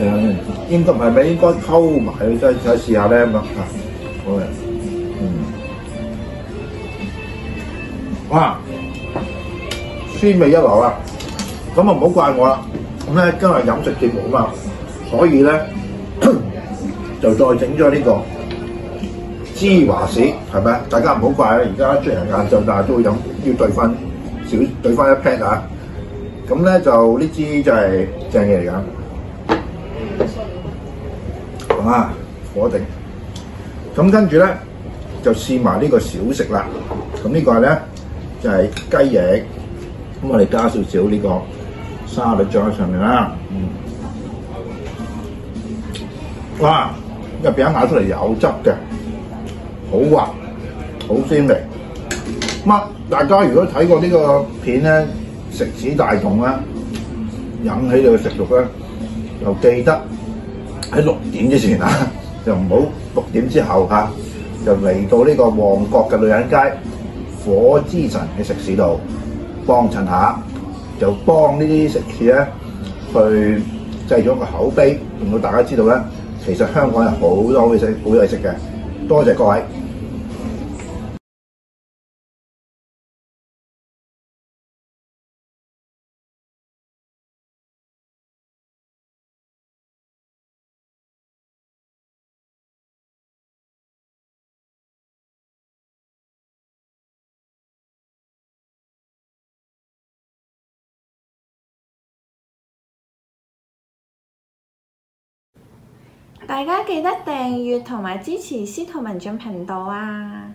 係啊、嗯，應該唔係咩，應該溝埋，真再試下咧嘛嚇，好、啊、嘅，嗯，哇，酸味一流啦，咁啊唔好怪我啦，咁咧今日飲食節目啊嘛，所以咧就再整咗呢個芝華士，係咪大家唔好怪啊，而家雖然晏晝，但係都要飲，要對翻少對翻一 pat 啊，咁咧就呢支就係正嘢嚟㗎。啊，火定，咁跟住咧就試埋呢個小食啦。咁、這個、呢個咧就係、是、雞翼，咁我哋加少少呢個沙律醬喺上面啦。嗯，哇，入邊咬出嚟有汁嘅，好滑，好鮮味。乜、啊、大家如果睇過呢個片咧，食指大動啦，引起你嘅食欲咧，又記得喺六點之前 就唔好六點之後、啊、就嚟到呢個旺角嘅女人街火之神嘅食肆度幫襯下，就幫這些呢啲食肆咧去製咗個口碑，令大家知道咧，其實香港有好多好嘢食，好嘢食嘅，多謝各位。大家記得訂閱同埋支持司徒文進頻道啊！